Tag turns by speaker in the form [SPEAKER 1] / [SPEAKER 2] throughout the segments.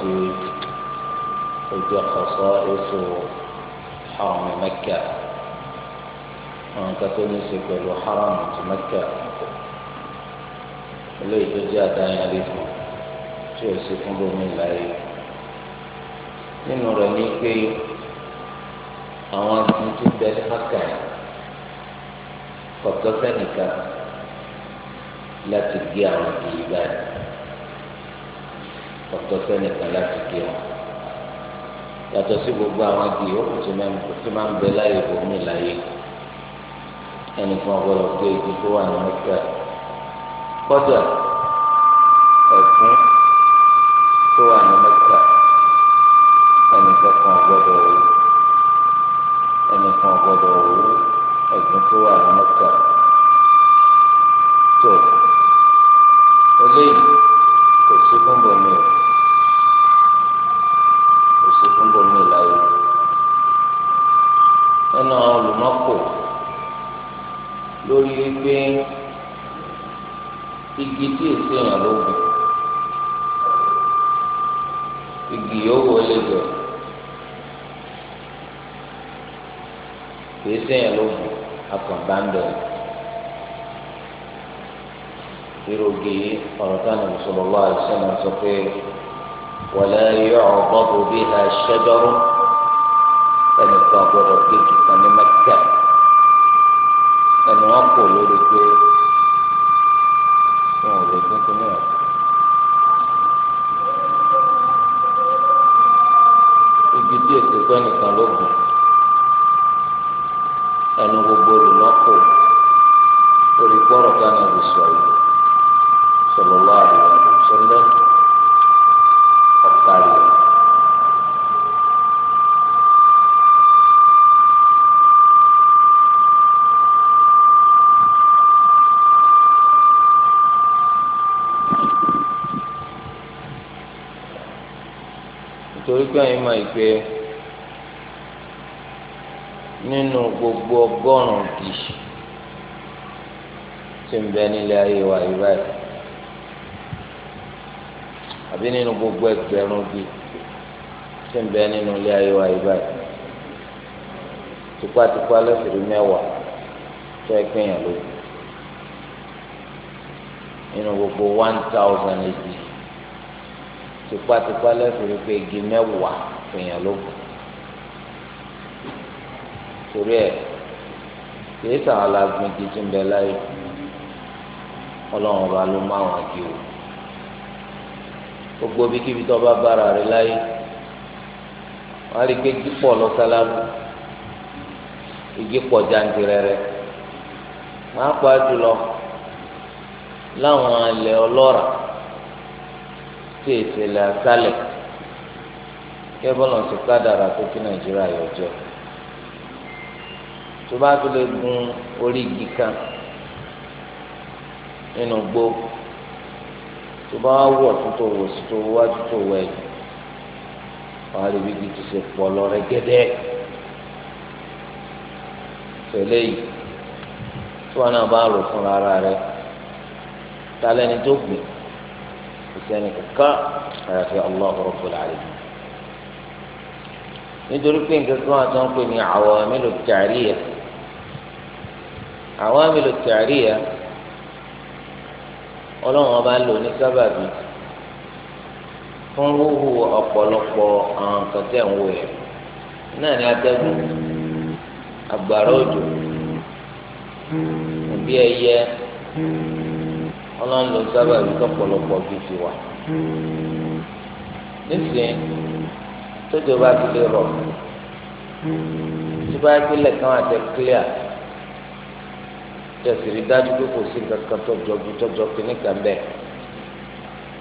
[SPEAKER 1] tí ó jẹ́ kọ̀sọ́ èso haram mẹ́kà àwọn kan tó ní í ṣe pẹ̀lú haram ti mẹ́kà eléyìí tó jẹ́ àdáyàlé fún tí ó sì fún bómi láàyè nínú rẹ̀ ní pé àwọn agbègbè tó bẹ ní mẹ́kà kọ̀tọ́ sẹ́nìkan láti gé àwọn ìdílé báyìí ọ̀tọ̀ sẹ́nìkan láti gé wọn yàtọ̀ sí gbogbo àwọn igi yòókù tí máa ń bẹ láyé bòmí láyé ẹnìkan ọgbọ́dọ̀ gé igi tó wà ní mẹ́fà kọ́dà ẹ̀fún tó wà ní mẹ́fà ẹnìkan kan ọgbọ́dọ̀ wò ẹnìkan ọgbọ́dọ̀ wò ẹ̀fún tó wà ní mẹ́fà tó eléyìí kò sí fún bòmí o. sí fún bomi ìlàyé ẹnu àwọn olùmọ́kò lórí wípé igi tí èsì èèyàn ló gùn igi owo lè jẹ kì í sèyàn ló gùn akọ̀ǹda ń bẹ̀rẹ̀ irú ولا يعضد بها شجر ẹnìkan gbọ́dọ̀ kéèkì kan ní mẹ́kà ẹni wọn kò lórí pé wọn ò lè dín kínní ọ̀hún. ibi tí èsì pẹ́ nìkan ló gùn ẹnu gbogbo olùlọ́kọ̀ orí pọ́rọ̀ kan náà lè sọ yìí
[SPEAKER 2] sọlọ́lá àdìyàn lè sọ
[SPEAKER 1] torí pé àyìn máa pé nínú gbogbo ọgọ́rùn-ún gì tí ń bẹ nílé ayé wa yìí báyìí àbí nínú gbogbo ẹgbẹ̀rún gì tí ń bẹ nínú ilé ayé wa yìí báyìí tipátipá lọ́sẹ̀rẹ̀ mẹ́wàá tó ẹgbẹ́ yẹn lójú nínú gbogbo one thousand èjì tipátipá lẹ́sìn wípé igi mẹ́wàá fìyàn ló kù torí ẹ kìí sàn alágbèén igi tí ń bẹ láyé ọlọ́run ọba ló máa wọn igi o gbogbo bí kíbi tó bá bára rẹ láyé wọn á rí pé igi pọ̀ lọ́sálámù igi pọ̀ jantirẹrẹ wọn á pa jùlọ láwọn ilẹ̀ ọlọ́ràá tí ètò ilẹ̀ asálẹ̀ kí bọ́lọ̀ ti kádàrà pé kí nàìjíríà yọ jọ tó bá fi lè gun orí igi kan nínú gbó tó bá wọ̀ tó tó wò sí tó wájú tó wọ ẹ̀yìn wàá rí ibi tí ṣe pọ̀ lọ rẹ gẹ́dẹ́ tẹ̀lé yìí tí wọn náà bá rò fún ara rẹ tálẹ́ni tó gbìn sẹ́ni kankan àyàfi Allahu Rabbul Alamin. nítorí pé nǹkan kan àti wọn pè ní awamilu ta'riya awamilu ta'riya ọlọ́run ọba lò ní sábàbí fún wúwo ọ̀pọ̀lọpọ̀ àwọn nǹkan tẹ̀ ń wò yẹn náà ní atẹ́gùn àgbàrá òjò òbí ẹyẹ ọlọ́run ló sábà rí lọ́pọ̀lọpọ̀ fífi wà. nísìnyí tójú bá ti lè rọ̀ tí bá kan àti clear tẹ̀sí rí dájú pé kò sí nǹkan kan tọ́jọ́ bí tọ́jọ́ kínní kan bẹ́ẹ̀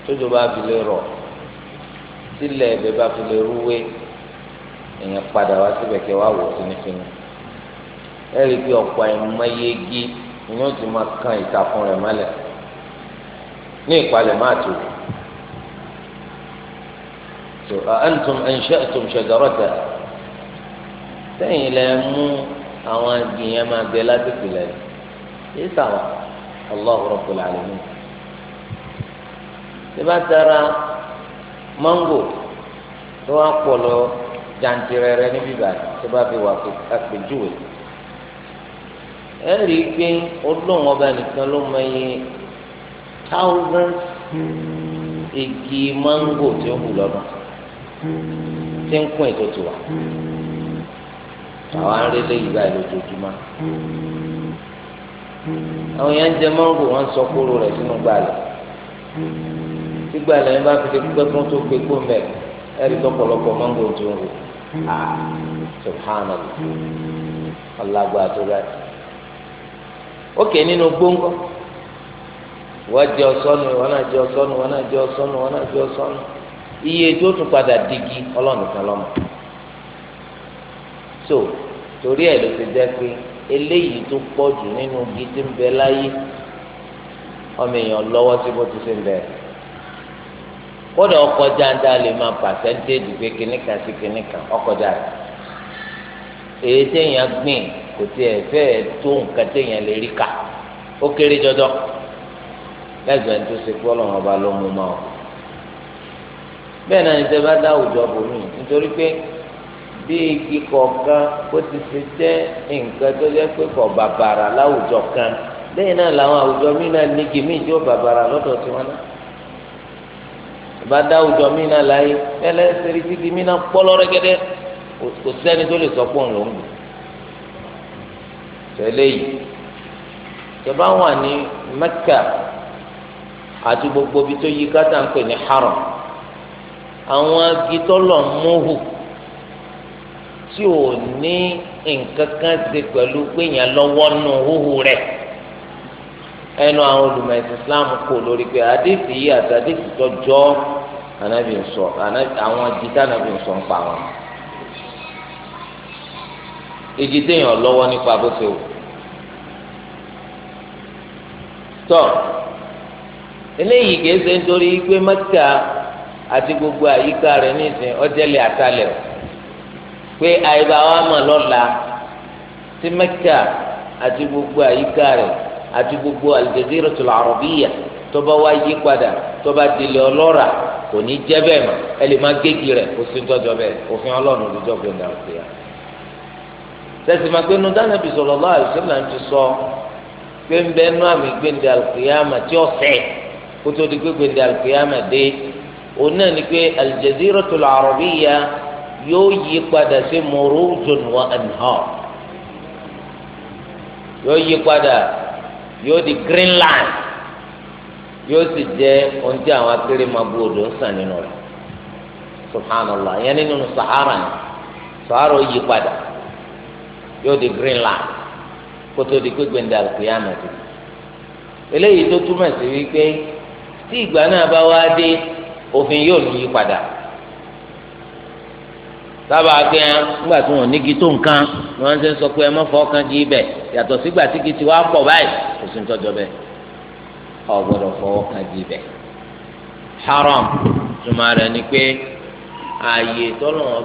[SPEAKER 1] tójú bá fi lè rọ̀ tílẹ̀ ẹ̀bẹ̀ bá fi lè rúwé èèyàn padà wá síbẹ̀ kí wàá wò fínífíní ẹ̀rí bí ọ̀pọ̀ àìmọye igi ni wọ́n ti máa kan ìtàkùn rẹ̀ mọ́lẹ̀ ní ìpalẹ̀ máa tó so antum ansha'tum shajarata sẹ́yìn lẹ mú àwọn agbèyàn máa bẹ lásìkò lẹ yìí sàwọn Allahu Rabbul Alamin tí bá tara mango tó wá pọ̀ lọ jantirẹrẹ níbí báyìí tó bá fi wà àpèjúwe ẹ rí i pé ọba nìkan ló mọ iye
[SPEAKER 2] thousand
[SPEAKER 1] igi mango tí ó hù lọ́dún tí ń kún ètò tiwa àwọn arélé yìí báyìí lójoojúmọ́ àwọn yẹn ń jẹ mango wọn sọ kóró rẹ̀ sínú gbàlẹ̀ tí gbàlẹ̀ yẹn bá fi lè pẹ́ fún tó gbé gbóhùn bẹ́ẹ̀ ẹ̀rí tọ́pọ̀lọpọ̀ mango tó ń hù subhanallah alágbàdo rẹ̀ ókè nínú gbóngàn. wọ́n jẹ ọsọ́nù wọn náà jẹ ọsọ́nù wọn náà jẹ ọsọ́nù wọn iye tún padà digi ọlọ́nìkan so torí ẹ̀ ló ti eléyìí tó pọ̀ jù nínú igi tí ń bẹ láyé ọmọ èèyàn lọ́wọ́ sí bó ti ṣe ń bẹ. kódà ọkọ̀ jáńdá lè máa pàṣẹ́ntéèjì pé kìnnìkan sí kìnnìkan ọkọ̀ èyí lẹ́gbẹ̀ẹ́ tó ṣe pé ọlọ́run ọba ló mú máa bẹ́ẹ̀ náà níta bá dá àwùjọ bòmí nítorí pé bí igi kọ̀ọ̀kan bó ti ṣe jẹ́ nǹkan tó jẹ́ pé kọ̀ bàbàrà láwùjọ kan lẹ́yìn náà làwọn àwùjọ míì náà nígi míì tí ó bàbàrà lọ́dọ̀ tiwọn náà bá dá àwùjọ míì náà láyé ẹlẹ́ ṣeré títí míì náà pọ́ lọ́rẹ́gẹ́dẹ́ kò sẹ́ni tó lè sọ pé òun ló gbé tẹ́lẹ̀ yìí tẹ́ wà ní Mẹ́kà àti gbogbo ibi tó yí kátà ń pè ní haram àwọn agi tọ́lọ̀ mọ́hù tí ò ní nǹkan kan ṣe pẹ̀lú pé yẹn lọ́wọ́ nù húhù rẹ̀ ẹnu àwọn olùmọ̀ ẹ̀sìn Islam kò lórí pé àdéhìí yìí àti àdéhìí tó jọ anabi nsọ àwọn igi tí anabi nsọ ń pa wọn igi téèyàn lọ́wọ́ nípa bó ṣe wò tọ́. So, eléyìí kìí ṣe nítorí pé mẹ́kà àti gbogbo àyíká rẹ̀ nísìnyí ọjẹ́lẹ̀ àtàlẹ̀ o pé àyíká wa mọ̀ lọ́la tí mẹ́kà àti gbogbo àyíká rẹ̀ àti gbogbo Al-Jaziratul Arabiyyah tó bá wá yí padà tó bá dilẹ̀ ọlọ́ra kò ní jẹ́ bẹ́ẹ̀ mọ́ ẹ lè má gégi rẹ̀ kó sí tọ́jọ́ bẹ́ẹ̀ òfin ọlọ́run lójọ́ gbẹ̀ndà òkè ya. sẹ́sì máa gbénu dánàbì sallallahu alaihi wasallam ti sọ pé ń bẹ́ẹ̀ nú àmì gbẹ̀ndà òkè ya mà tí ọ̀sẹ̀ kótó di pé gbèndé alùpùpù dé òun náà ni pé Al-Jaziratul Arabiyya yóò yí padà sí murujun wa anhar yóò yí padà yóò di Greenland yóò sì jẹ ohun tí àwọn akéré máa bu odò ń sàn nínú rẹ̀ subhanallah yẹn nínú Sahara ni Sahara ó yí padà yóò di Greenland kótó di pé gbèndé alùpùpù eléyìí tó túmọ̀ sí wípé. tí ìgbà náà bá wá dé òfin yóò ní yí padà sábà pé ẹ nígbà tí wọn nígi tó nǹkan ni wọn ń sọ pé ẹ mọ́fọ́ kan di ibẹ̀ yàtọ̀ sígbà tí kìí ti wá pọ̀ báyìí kò sí ń tọ́jọ́ bẹ́ẹ̀ ọ gbọ́dọ̀ fọwọ́ kan di ibẹ̀ haram tuma ni pé ààyè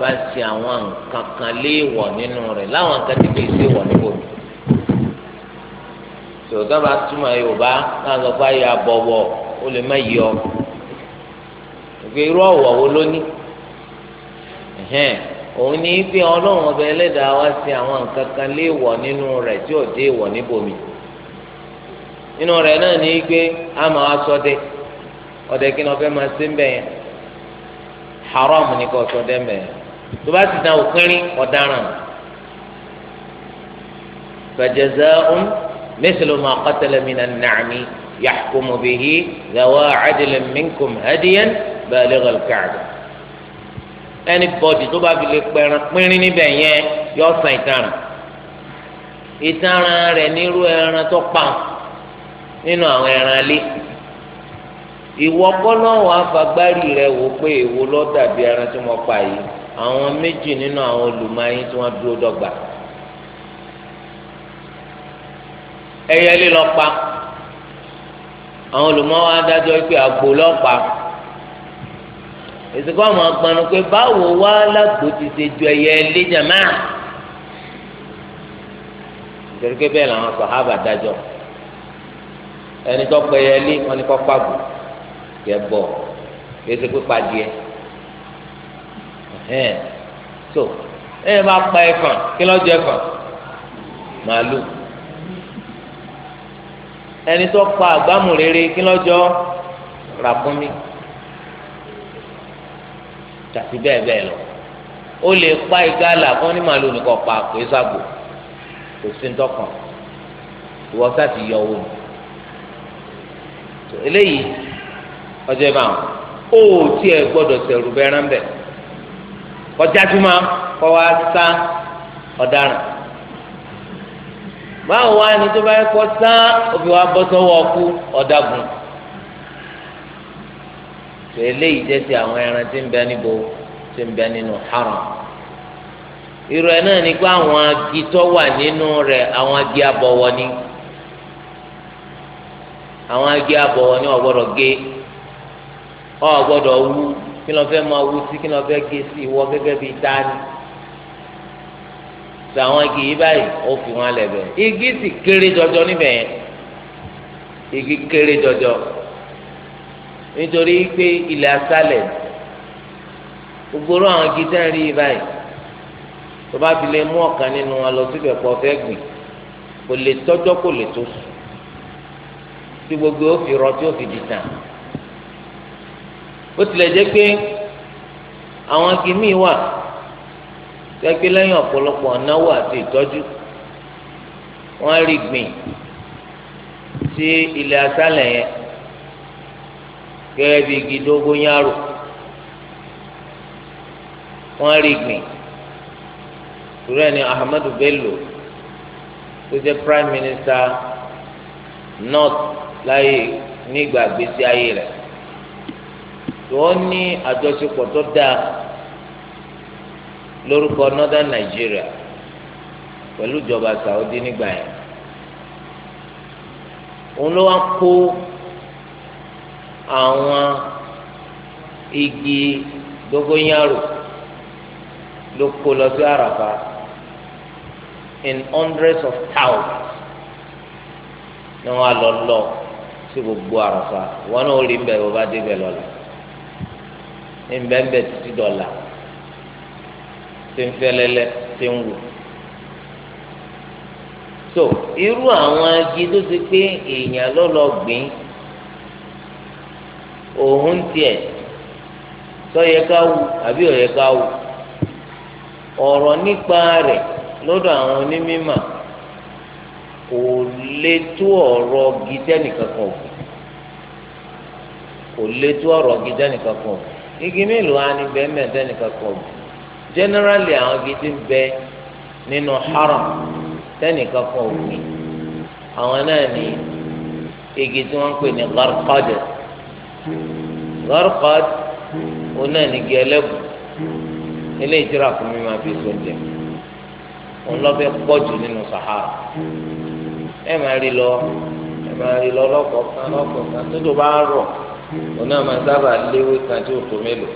[SPEAKER 1] bá ṣe àwọn nǹkan kan nínú rẹ̀ láwọn nǹkan ó lè má yọ ìgbé irú ọ̀wọ̀ wo ló ní òun ní pé ọlọ́run ọba ẹlẹ́dàá wá sí àwọn nǹkan kan léèwọ̀ nínú rẹ̀ tí ò dé ìwọ̀ níbòmí nínú rẹ̀ náà ní pé a máa ṣọdẹ ọdẹ kí ni ọbẹ̀ máa ṣe ń bẹ̀ yẹn haram ni kò ṣọdẹ ń bẹ̀ yẹn tó bá ti dàn òpinrin ọ̀daràn fajaza'un mithlu ma qatala minan يحكم به ذوى عدل منكم هديا بالغ الكعبة ẹni bọ́dì tó bá fi lè pẹran pínrín níbẹ̀ yẹn yọ san ìtaràn ìtaràn rẹ̀ nírú ẹran tó pa nínú àwọn ẹran lé ìwọ kọ́lọ́wọ́ afagbárí rẹ̀ wò pé èwo ló dàbí ẹran tí mo pa yìí àwọn méjì nínú àwọn olùmọ̀ọ́yìn tí wọ́n dúró dọ́gba ẹyẹ lílọ àwọn olùmọwọ adájọ́ pé àgbo lọpa èsì kọ́ àwọn agbanu pé báwo wá lágbo ti ṣe ju ẹyẹ ilé jàmá nítorí pé bẹ́ẹ̀ làwọn sàhábà dájọ́ ẹni tó pẹ ẹyẹ ilé wọn ni kọ́ pàgò kẹ bọ̀ èsì pé padìẹ ẹ̀hẹ́n so ẹ̀yẹ bá pa ẹ̀fọn kí lọ́ọ́ ẹ̀fọn màálù. ẹni tó pa àgbámù rere kí lọ́jọ́ tàbí bẹ́ẹ̀ bẹ́ẹ̀ lọ ó lè pa ìgalà fún ní màálù nìkan pa àpò ìsàgbò kò sí ní tọkàn ìwọ sá yọ owó mi eléyìí ọjọ́ ìbá wọn ó tiẹ̀ gbọ́dọ̀ sẹ̀rù bẹ́ẹ̀ wa sá ọ̀daràn. báwo wá ni tó bá yẹ kọ sán òbí wa bọ́ sọ́wọ́ ọkú ọ̀dàgùn tó eléyìí jẹ́ ti àwọn ẹran tí ń bẹ níbo tí ń bẹ nínú haram irú ẹ náà ni pé àwọn agi tó wà nínú àwọn agi abọ̀wọ̀ ni àwọn agi abọ̀wọ̀ ni gé wú kí ló fẹ́ máa wú sí sàwọn igi yìí báyìí ó fi wọn lẹ̀ bẹ̀ igi sì kéré jọjọ níbẹ̀ yẹn igi kéré jọjọ nítorí pé ilẹ̀ asálẹ̀ gbogbo àwọn igi tẹ́ ń rí yìí báyìí tó bá fi lè mú ọ̀kan nínú wọn lọ síbẹ̀ pọ̀ fẹ́ gbìn kò lè tọ́jọ́ kò lè tó tí gbogbo ó fi rọ tí ó fi di tàn ó tilẹ̀ jẹ́ pé àwọn igi míì wà gbẹgbẹ lẹ́yìn ọ̀pọ̀lọpọ̀ ọ̀náwó àti ìtọ́jú wọ́n rí gbìn sí ilẹ̀ asálẹ̀ yẹn gẹ́gẹ́ bí igi dógó yárò wọ́n rí gbìn rẹ ni Ahmadu Bello tó jẹ́ prime minister north láyé nígbà gbèsè ayé rẹ̀ tó ní àjọṣepọ̀ tó dáa lórúkọ northern Nigeria pẹ̀lú ìjọba Saudi nígbà yẹn òun ló wá kó àwọn igi dogoyaro ló kó lọ sí àràfà in hundreds of thousands ni wọn lọ lọ sí gbogbo àràfà wọn náà rí mbẹ bó bá débẹ̀ lọ́la ní mbẹ mbẹ títí dọ́là. ṣe ń fẹ́lẹ́lẹ́ ṣe ń wò so irú àwọn agi tó ti pé èèyàn ló gbìn òun tiẹ̀ sọyẹ ká wù àbí ọ̀yẹ ká wù ọ̀rọ̀ nípa rẹ̀ lọ́dọ̀ àwọn onímọ̀ kò lè tó nìkan kan kò lè tó igi mélòó á nìkan kan generally àwọn gidi ń bẹ nínú haram tẹnìkan kan ò ní àwọn náà ní igi tí wọ́n ń pè ní gharqad gharqad òun náà ní igi ẹlẹ́bù ilé ìtura fún mi máa fi sóúnjẹ òun lọ fẹ́ pọ̀jù nínú sahara ẹ máa rí lọ ẹ máa rí lọ lọ́kọ̀ọ̀kan lọ́kọ̀ọ̀kan tó tó bá rọ̀ òun náà máa sábà léwé kan tí ò tó mélòó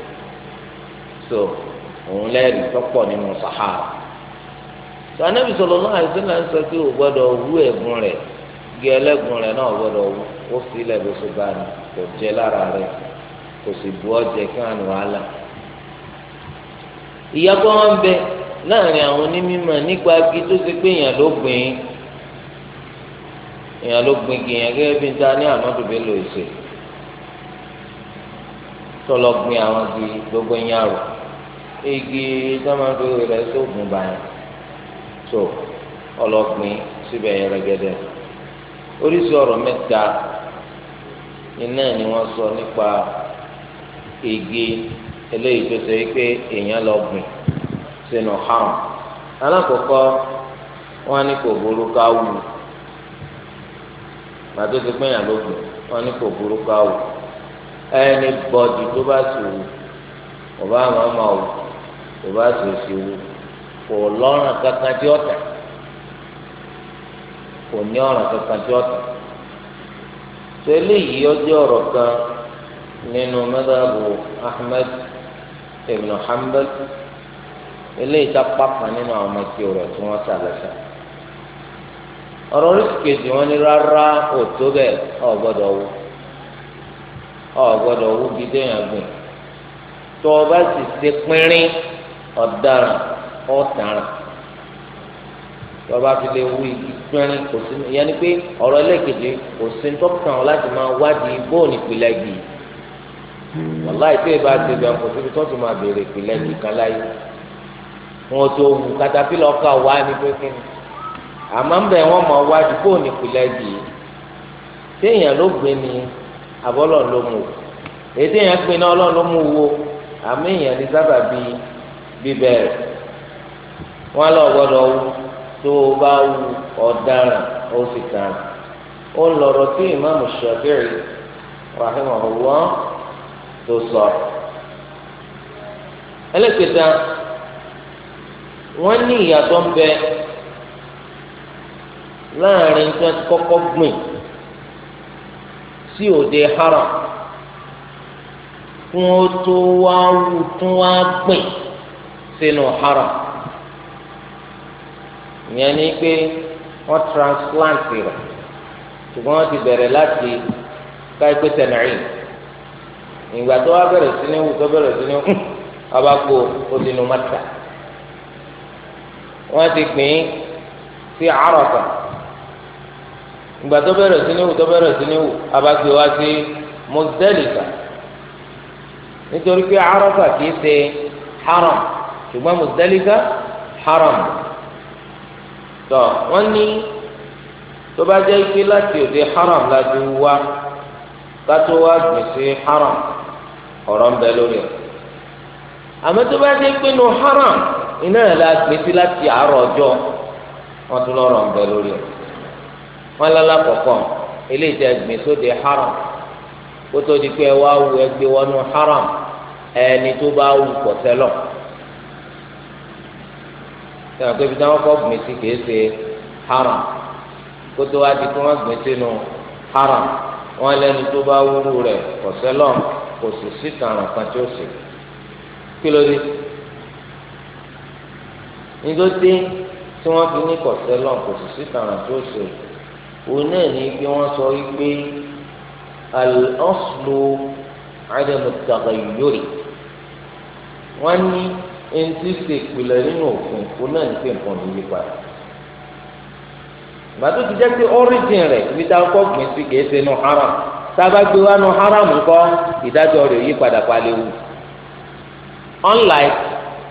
[SPEAKER 1] so. òun lẹ́rìí tọ́pọ̀ nínú sahara ń sọ pé o gbọ́dọ̀ wú ẹ̀gún rẹ̀ gé ẹlẹ́gùn rẹ̀ náà gbọ́dọ̀ wú ó fi ilẹ̀ bó so bá ní kò jẹ́ lára rẹ̀ kò sì bu ọjẹ kí wọn wàhálà ìyàgbọ́ wọn bẹ láàrin àwọn onímọ̀ nípa igi tó ṣe pé èèyàn ló gbìn ín èèyàn ló gbìn gẹ́gẹ́ bí n ta ní gbìn àwọn igi gbogbo igi tó fi rẹ̀ sóògùn báyìí tó ọlọ́gbìn síbẹ̀ yẹrẹgẹdẹ oríṣi ọ̀rọ̀ mẹ́ta iná ni wọ́n sọ nípa igi eléyìí tó èèyàn lọ gbìn sínú alákọ̀ọ́kọ́ wọ́n ní kò ti gbìn wọ́n ní kò ẹni bọ́dì tó kò bá sòsì wù kò lọ́rùn kankan tí ọ̀tà kò ní ọ̀ràn kankan tí ọ̀tà tó eléyìí ọjọ́ ọ̀rọ̀ kan nínú madhabu Ahmad ibn Hanbal eléyìí tá pápá nínú àwọn ọmọ tí ọ̀rọ̀ tí wọ́n sàlẹ̀sà ọ̀rọ̀ oríṣi kejì wọn ni rárá òtó bẹ́ẹ̀ ọ̀ gbọ́dọ̀ wù ọ̀ gbọ́dọ̀ wù gídéyàn gbìn tó o bá sì ṣe pínrín ọ̀daràn ọ̀taràn tọba fi lè wú igi pẹ́rín kò sí ìyẹn ni pé ọ̀rọ̀ ẹlẹ́kejì kò sí tọ́kàn ọ láti máa wádìí bóònù ìpìlẹ̀ gì wàlá ìpè bá ti bẹ̀ kò síbi tó ti máa béèrè ìpìlẹ̀ gì kan láyé wọn tó wù katapila ọkà wá ní pínpín àmọ́ bẹ́ẹ̀ wọ́n máa wádìí bóònù ìpìlẹ̀ gì téèyàn ló gbé ni àbọ́lọ̀ ló mú o èdè yẹn pinnu ọlọ́run ló mú wo àmì ìyẹn ní sábàbí bíbẹ̀rẹ̀ wọn lọ gbọ́dọ̀ wú tó o bá wú ọ̀daràn ó sì tàn ó lọ́rọ̀ tí ìmáàmù Shafi'i rahimahullah tó sọ ẹlẹ́kẹta wọ́n ní ìyàtọ̀ ń bẹ láàrin tí kọ́kọ́ gbìn sí òde haram fún ó tó wá wú tún wá gbìn sínú haram ìyẹn ni pé wọ́n transplant rẹ̀ ṣùgbọ́n wọ́n ti bẹ̀rẹ̀ láti káyipé tẹ̀nẹ̀rì ìgbà tó wá bẹ̀rẹ̀ sí ní wù tó bẹ̀rẹ̀ sí ní wù abakpo odinu mata wọ́n ti gbìn sí Àràfà ìgbà tó bẹ̀rẹ̀ sí ní wù tó bẹ̀rẹ̀ sí ní wù abakpo wá sí Muzdalifa nítorí pé Àràfà kìí ṣe haram ṣùgbọ́n Muzdalifa haram tọ wọ́n ní tó bá jẹ́ ike láti òde haram láti wá kátó wá gbìn sí haram ọ̀rọ̀ ń bẹ lórí ẹ̀ àmọ́ tó bá jẹ́ pé nu haram iná yẹn la gbé láti àárọ̀ ọjọ́ wọ́n tún lọ́rọ̀ ń bẹ lórí ẹ̀ wọ́n lọ́la kọ̀ọ̀kan eléyìí tẹ gbìn haram kótó di pé ẹ wá wu ẹgbẹ́ wọnú haram ẹni tó bá wù kọ̀ọ̀tẹ́ lọ́ọ̀ sọ̀rọ̀ pé ibi táwọn kọ́ gbìn sí kìí ṣe haram kótó wá di kó wọ́n gbìn sínú haram wọ́n lẹ́nu tó bá wúru rẹ̀ kọ̀sẹ́lọ̀ kò sì sí kàràn kan tí ó sì kí ló dé nítorí tí wọ́n fi ní kọ̀sẹ́lọ̀ kò sì sí kàràn tí ó sì òun náà ní pé wọ́n sọ wípé al-aslu 'adamu at-taghayyur wọ́n ní. ẹni tí ṣe ìpìlẹ̀ nínú òfin òun náà ní pé nǹkan ní gbàtó ti jẹ́ pé ọ́ríjìn rẹ̀ ibi tá a kọ́ gbìn sí haram tá a bá nu haram ńkọ́ ìdájọ́ rẹ̀ yípadà unlike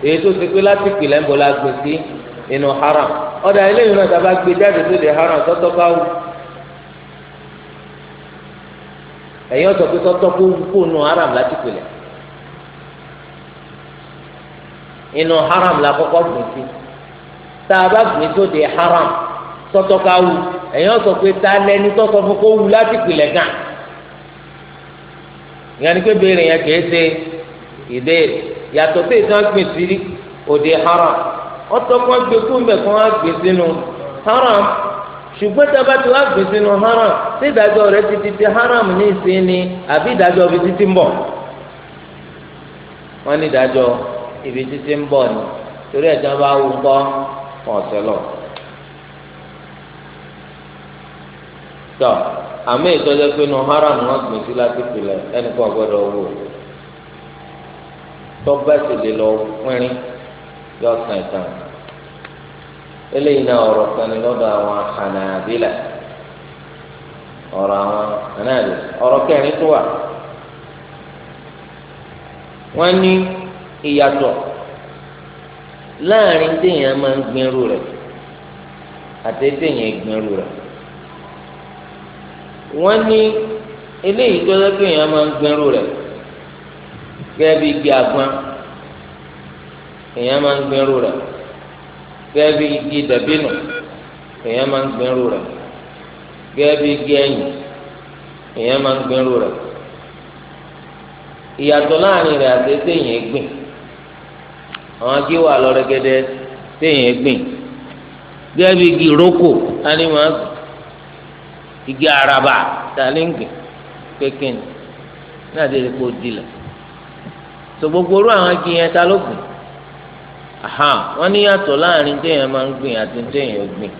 [SPEAKER 1] èyí tó ṣe pé láti ìpìlẹ̀ ń bọ̀ la gbìn sí inú haram ọ̀dà eléyìí náà tá a bá haram sọ́tọ́ ká wù ọ̀sọ̀ pé sọ́tọ́ kó wù kó haram láti inú haram la kọ́kọ́ gbìn sí tá a bá gbìn haram sọ́tọ̀ ká wù ẹ̀yàn sọ pé ta lẹni tó sọ fún kó wù láti pìlẹ̀ gàn ìyẹn ni pé béèrè yẹn kìí ṣe ìbéèrè yàtọ̀ sí ìtàn gbìn sí òde haram ọtọ́ kan gbé kú mbẹ̀ kan á gbé sínú haram ṣùgbọ́n tí a bá ti wá gbé sínú haram tí ìdájọ́ rẹ̀ ti ti ti haram ní ìsín ni àbí ìdájọ́ bi ti ti ń bọ̀ wọ́n ní ìdájọ́ ibi títí ń bọ̀ ni torí ẹ̀jẹ̀ bá wù kọ́ ame ọ̀sẹ̀ lọ. tọ́ àmì ìtọ́jú pé nu haram wọn gbìn sí láti pilẹ̀ gbọ́dọ̀ wò sì lè lọ pínrín yọ sàn ìtàn eléyìí náà ọ̀rọ̀ kan ní lọ́dọ̀ àwọn Hanabila ọ̀rọ̀ àwọn Hanabila ọ̀rọ̀ kẹrin ìyàtọ̀ láàrin téèyàn máa ń gbinrú rẹ̀ àti téèyàn gbinrú rẹ̀ wọ́n ní eléyìí tó lọ́ téèyàn máa ń gbinrú rẹ̀ gẹ́gẹ́ bí igi àgbọn èèyàn máa ń gbinrú rẹ̀ gẹ́gẹ́ bí igi dàbínù èèyàn máa ń gbinrú rẹ̀ gẹ́gẹ́ bí igi ẹ̀yìn èèyàn máa ń gbinrú rẹ̀ ìyàtọ̀ láàrin rẹ̀ àti téèyàn gbìn. àwọn agi wà lọ́rẹ́gẹ́dẹ́ téèyàn gbìn gẹ́gẹ́ bí igi ìrókò tani igi araba tani gbìn kékin gbogbo àwọn igi yẹn ta ló gbìn ní yàtọ̀ láàrin téèyàn máa ń gbìn àti téèyàn gbìn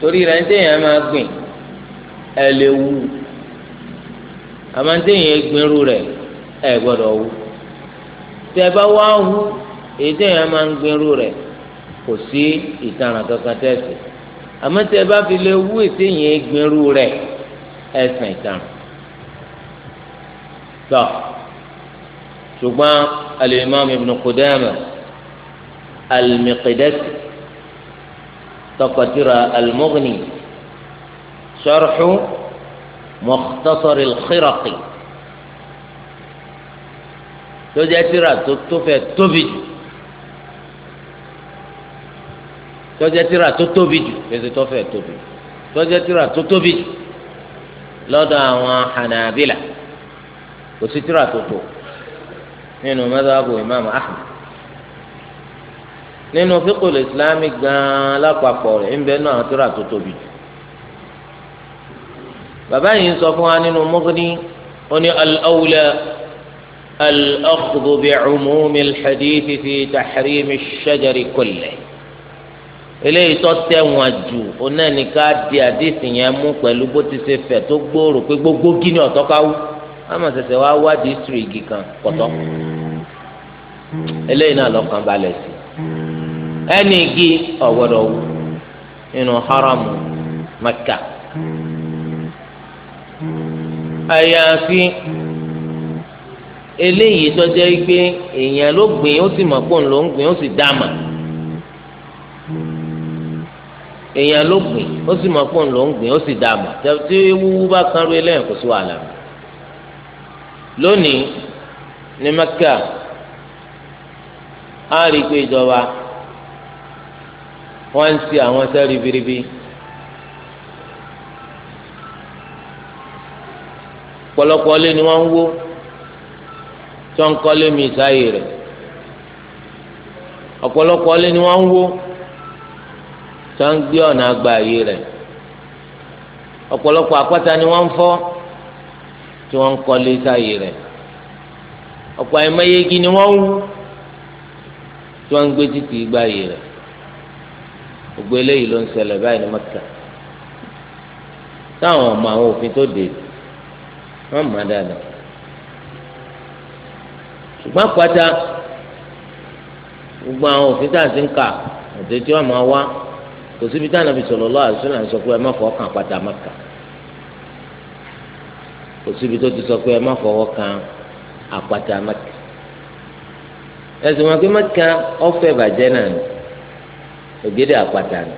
[SPEAKER 1] torí téèyàn máa gbìn ẹ lè téèyàn gbìn ru ẹ bá wá wu. èyí téèyàn máa ń gbèrú rẹ̀ kò sí ìtanràn kankan tẹ̀sí àmọ́ tí ẹ bá fi lè yẹn ètéyìn gbèrú rẹ̀ ẹ sàn ìtanràn. tọ́ ṣùgbọ́n al-Imam Ibn Qudamah al-Miqdisi tọkọtìrà al-Mughni sharhu Mukhtasar al-Khiraqi tó jẹ́ tìrà tó tó fẹ́ tóbi jù. tọ́jẹ́ tíra tó tóbi jù pèsè tọ́fẹ̀ tóbi tọ́jẹ́ tíra tó tóbi jù lọ́dọ̀ àwọn Hanabila kò sí tíra tó tó nínú madhabu Imam Ahmad nínú fíkòlù ìsìlámì gan-an lápapọ̀ rẹ̀ ń bẹ nínú àwọn tíra tó tóbi jù bàbá yìí ń sọ fún wa nínú Mughni ó al-awla al-akhdhu bi umumi al fi tahrimi ash-shajari eléyìí tó tẹ̀ wọ́n jù onáni ká di àdìsí yẹn mú pẹ̀lú bó ti ṣe fẹ̀ tó gbòòrò pé gbogbo gíní ọ̀tọ́ ká wú àmọ́ ṣẹ̀ṣẹ̀ wá wádìí sùrù igi kan kọ̀tọ́ eléyìí náà lọ́kàn balẹ̀ sí ẹni igi ọ̀gbọ́dọ̀ wú nínú haramu Mẹ́kà àyàfi eléyìí tó jẹ́ pé èèyàn ló gbìn ó sì mọ̀ pé ló ń gbìn ó sì dá mà èèyàn ló gbìn ó sì mọ̀ pé ló ń gbìn ó sì dá mọ̀ tí wúwú bá kan rú eléyàn kò sí wàhálà lónìí ní Mẹ́kà á rí i pé ìjọba wọ́n ń ṣe àwọn iṣẹ́ ribiribi pọ̀lọpọ̀ lé ni wọ́n ń wó tí wọ́n ń kọ́ lé mi ìsáyè rẹ̀ ọ̀pọ̀lọpọ̀ lé ni wọ́n ń wó. tó ń gbé ọ̀nà àgbà yìí rẹ̀ ọ̀pọ̀lọpọ̀ ni wọ́n ń fọ́ tí wọ́n ń kọ́lé sáyé rẹ̀ ọ̀pọ̀ àìmọyégi ni wọ́n ń wú tí wọ́n ń gbé títì ìgbà yìí rẹ̀ gbogbo eléyìí ló ń ṣẹlẹ̀ báyìí ní Mẹ́kà táwọn ọmọ àwọn òfin tó dé wọ́n mọ̀ dáadáa ṣùgbọ́n àpáta gbogbo àwọn òfin tá ti ń kà àti tí wọ́n máa kò síbi tí anabi sallallahu alaihi wasallam sọ pé ẹ má fọwọ́ kan pátá Mẹ́kà kò síbi tó ti sọ pé ẹ má fọwọ́ kan àpáta Mẹ́kà ẹsùn wọn pé Mẹ́kà ọ̀fẹ́ bàjẹ́ náà ni ògèdè àpáta ni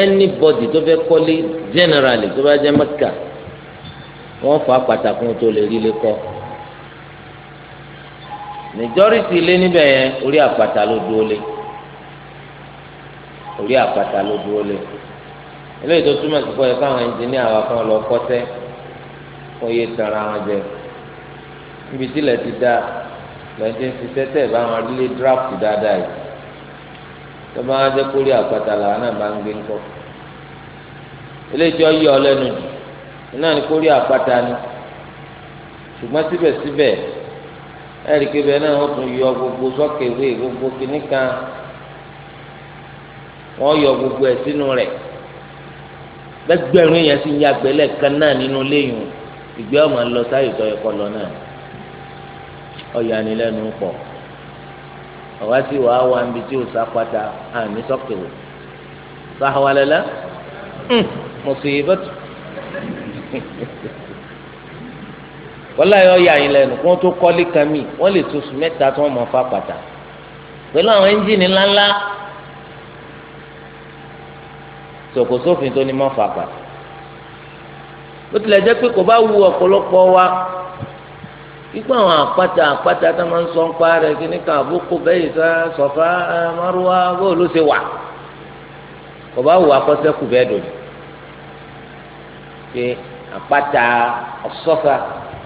[SPEAKER 1] anybody tó fẹ́ kọ́lé generally tó bá jẹ́ Mẹ́kà wọ́n fọ àpáta kún tó lè rí lé kọ́ majority lé níbẹ̀ yẹn orí àpáta ló dúró lé orí àpáta ló dúró lé eléyìí tó túmọ̀ sí pé káwọn ẹnjìníà wa kan lọ kọ́tẹ́ kó yé tara wọn jẹ níbi tí ilẹ̀ ti dá lẹ́yìn tí ń bá wọn lé draft dáadáa yìí tó bá wọn jẹ́ kórè àpáta làwọn náà bá ń gbé ńkọ́ eléyìí tó yọ ọ lẹ́nu jù náà ni kórè àpáta ni ṣùgbọ́n síbẹ̀síbẹ̀ ẹ̀rí kébẹ̀ náà wọ́n tún yọ gbogbo sọ́kèwé gbogbo kìnnìkan. wọ́n yọ gbogbo ẹ̀ sínú rẹ̀ lẹ́gbẹ̀rún yẹn sì ń yàgbẹ́ lẹ́ẹ̀kan náà nínú léyìn ìgbẹ́ ọmọ lọ sáyè tó yẹ kọ́ lọ náà ọ̀yanilẹ́nu pọ̀ àwa sì wàá wá níbi tí o sàpàtà àmì sọ́kèwò sàwálẹ́lá mo hmm, sì bẹ́tù wọ́lá yọ ya yín lẹ́nu kí wọ́n tó kọ́lé kan mì wọ́n lè tó sùn mẹ́ta tí wọ́n mọ̀ fà pàtà pẹ̀lú àwọn ẹ́ńjìnì ńláńlá sòkò sófin tó ní mọ́ fàgbà ó tilẹ̀ jẹ́ pé kò bá wu ọ̀pọ̀lọpọ̀ wa ikú àwọn àpáta àpáta tó máa ń sọ ń pa rẹ̀ kí ní kan àbúkù bẹ́yì sá sọ̀fà márùwá bó ló ṣe wà kò bá wu akọ́sẹ́kù bẹ́ẹ̀ dòní pé àpáta ọ̀sọ́fà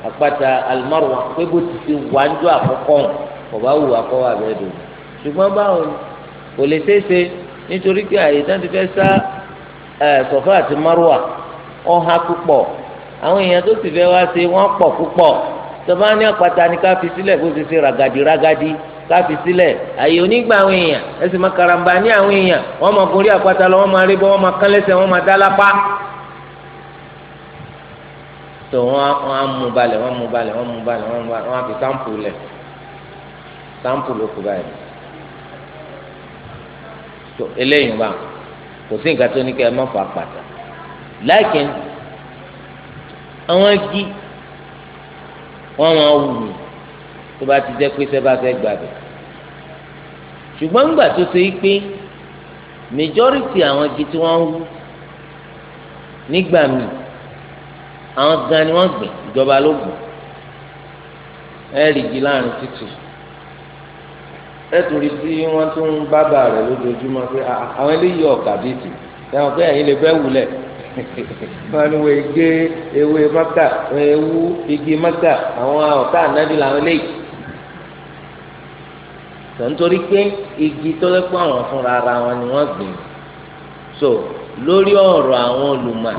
[SPEAKER 1] àpáta alimárùwá pé bó ti ṣe wà ń jọ àkọ́kọ́ kò bá wu akọ́wà bẹ́ẹ̀ dòní ṣùgbọ́n báwo kò lè ṣeé ṣe nítorí pé àyè tán ti fẹ́ sá. Eh, sọ̀fà àti márùwà ọ̀há púpọ̀ àwọn èèyàn tó sì si, wá sí wọn pọ púpọ̀ tọ́ba ní àpáta ni ká fi sílẹ̀ bó ti ṣe ká fi sílẹ̀ àyè onígbà àwọn èèyàn ẹ̀sìn máa karamba ní àwọn èèyàn wọ́n máa gorí àpáta lọ wọ́n máa rí bọ́ wọ́n máa kán lẹ́sẹ̀ wọn máa dá tó wọn mú kò sí nǹkan tó ní kẹ́ ẹ má fà pàtà láìkín àwọn igi wọn máa wù mí tó bá ti jẹ́ pé sẹ́ bá fẹ́ gbàgbé ṣùgbọ́n ńgbà tó ṣe é pé majority àwọn igi tí wọ́n ń wú nígbà míì àwọn gan ni wọ́n gbìn ìjọba ló gbìn ẹ́ẹ̀rì igi láàrin títì ẹtùrí tí wọn tún ń bábà rẹ lójoojúmọ́ pé ah, ah, àwọn eléyìí ọkà bíi tì táwọn pé ẹ̀yin lè fẹ́ wulẹ̀ wọn ni wọn gé ewé mọta ewu igi mọta àwọn ọ̀tá ànábì làwọn eléyìí nítorí pé igi tó lẹ́pọ̀ àwọn fúnra ara wọn ni wọ́n gbìn so lórí ọ̀rọ̀ àwọn olùmọ̀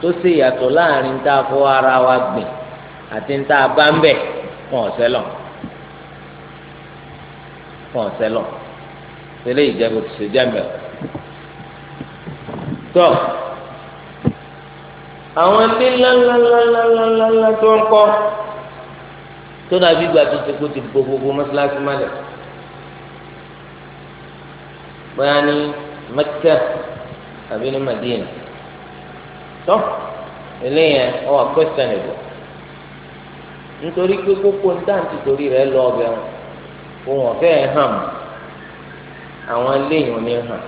[SPEAKER 1] tó ṣe ìyàtọ̀ láàrin tá a fọ ara wa gbìn àti tá a bá ń bẹ̀ fún ọ̀sẹ̀ lọ́wọ́ fún ọ̀sẹ̀ lọ tẹ́lẹ̀ ìjẹ́bù ti ṣe jẹ́mẹ̀ tọ́ àwọn ilé ńláńláńláńláńlá tó ń kọ́ tó dàbí ìgbà tó ti kó ti bo gbogbo mọ́ṣáláṣí mọ́lẹ̀ bóyá ní Mẹ́kà àbí ní Madina tọ́ eléyẹn ọwọ́ question nítorí pé kókó ń dáǹtì torí rẹ̀ lọ ọbẹ̀ wọn òun ọ̀fẹ́ ẹ̀ hàn mọ́ àwọn eléyìí ní hàn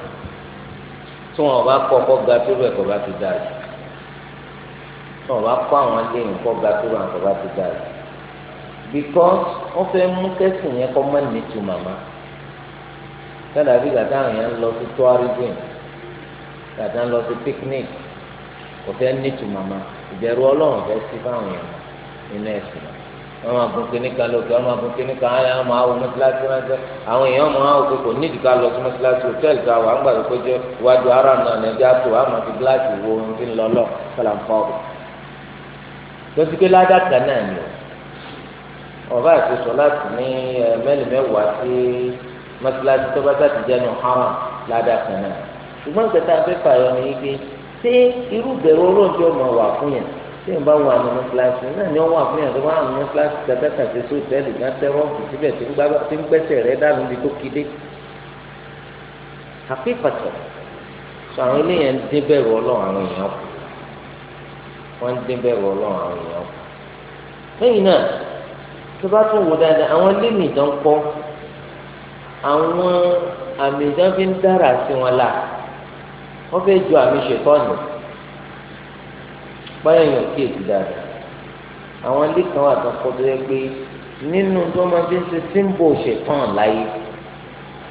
[SPEAKER 1] tí wọn bá kọ́ kọ́ ga tó bẹ̀ kọ́ bá ti dà jù tí wọn bá kọ́ àwọn eléyìí kọ́ ga tó bẹ̀ kọ́ bá ti dà jù because wọ́n fẹ́ mú kẹ́sìn yẹn kọ́ mọ́ nìtú màmá sọ́dà bí gàdá àwọn yẹn ń lọ sí tourism gàdá ń lọ sí picnic kò fẹ́ nìtú màmá ìbẹ̀rù ọlọ́run fẹ́ sí fáwọn yẹn nínú ẹ̀sìn náà ọmọ àgùn kìíní kan lókè ọmọ àgùn kìíní kan ayé ọmọ àwọn mọ́sálásí ránṣẹ́ àwọn èèyàn ọmọ àwọn òkè kò nídìí ká lọ sí mọ́sálásí hòtẹ́ẹ̀lì tá a wà ńgbà tó jẹ́ iwájú ara náà nàìjíríà tó a máa fi gíláàsì wo ohun tí ń lọ lọ kọlà ń fọwọ́. lọ́sí pé ládàkà náà ni ọba àti sọláàtì ní mẹ́lì mẹ́wàá sí mọ́sálásí tó bá dàtí jẹ́nu tí n bá wọ àwọn ọmọ kíláàsì náà ni wọn wà fún yàtọ̀ wọn àwọn ọmọ kíláàsì kẹtẹkà ti so tẹ́lẹ̀ ní atẹ́rọ́ọ̀bù síbẹ̀ tí ń gbẹ́sẹ̀ rẹ dànù bí tó kéde àpépàtọ̀ sọ àwọn eléyàn ń dín bẹ̀rù ọlọ́run àwọn èèyàn kù wọ́n ń dín bẹ̀rù ọlọ́run àwọn èèyàn kù lẹ́yìn náà tó bá tún wò dáadáa àwọn lémi ìdán àwọn àmì ìdán sí wọn la wọ́n fẹ́ ju àmì ṣètọ́nù báyọ̀ yàn kíyèsí dáadáa àwọn ilé kan wà tó kọ́ tó yẹ pé nínú tó máa fi ń ṣe símbò ṣetán láyé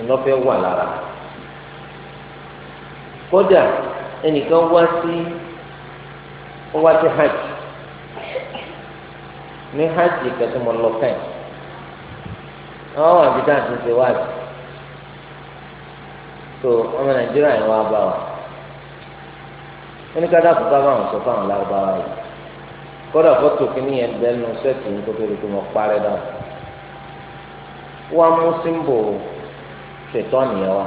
[SPEAKER 1] ìlọ́fẹ́ wà lára kódà ẹnìkan wá sí ó wá sí hajj ní hajj kẹtù mọ lọkàn àwọn àbídá àti ṣe wáàdì so ọmọ nàìjíríà yẹn wá bá wa oníkadà kò bá wọn sọ fáwọn lárúbáwá yìí kódà fọ́tò kìíní yẹn bẹ́ẹ̀nu sẹ́ẹ̀tì ní kótó ìdíkùn mọ́ parẹ́ dáhùn wọ́n mú símbò ṣètọ́nì yẹn wá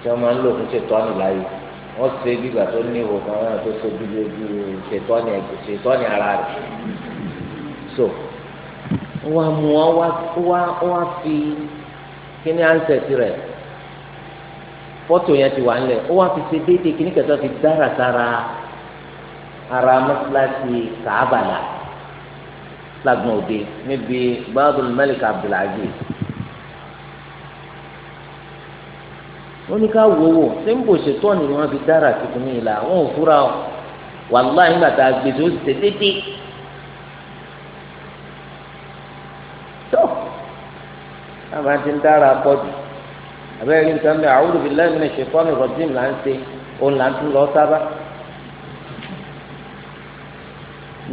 [SPEAKER 1] tí wọ́n máa ń lò fún ṣètọ́nì láàyè wọ́n ṣe bígbà tó ní ìwò kan náà tó ṣe bíbí ojú ṣètọ́nì ẹ̀gbẹ́ ṣètọ́nì ara rẹ̀ so wọ́n mú wọn wá fi kíní ánsẹ̀tì rẹ̀ fọ́tò yẹn ti wà ńlẹ̀ ó wá fi ṣe déédéé kí ní kẹta fi dára sára ara mọ́sálásí kàábàlà lágbọ̀n òde níbi gbàdúrà mẹ́lìkà abdulaziz wọ́n ní ká wò wò ṣé ń bò ṣètò ọ̀nì ni wọ́n fi dára sí fún mi là wọ́n ò fúra o wàláhì nígbà tá a gbèsè ó sì ṣe déédéé. tó táwọn ń dára pọ̀ jù abẹ́rẹ́ ní nǹkan bẹ́ẹ̀ a'udhu billahi minash shaitanir rajim là ń ṣe òun là ń tún lọ sábà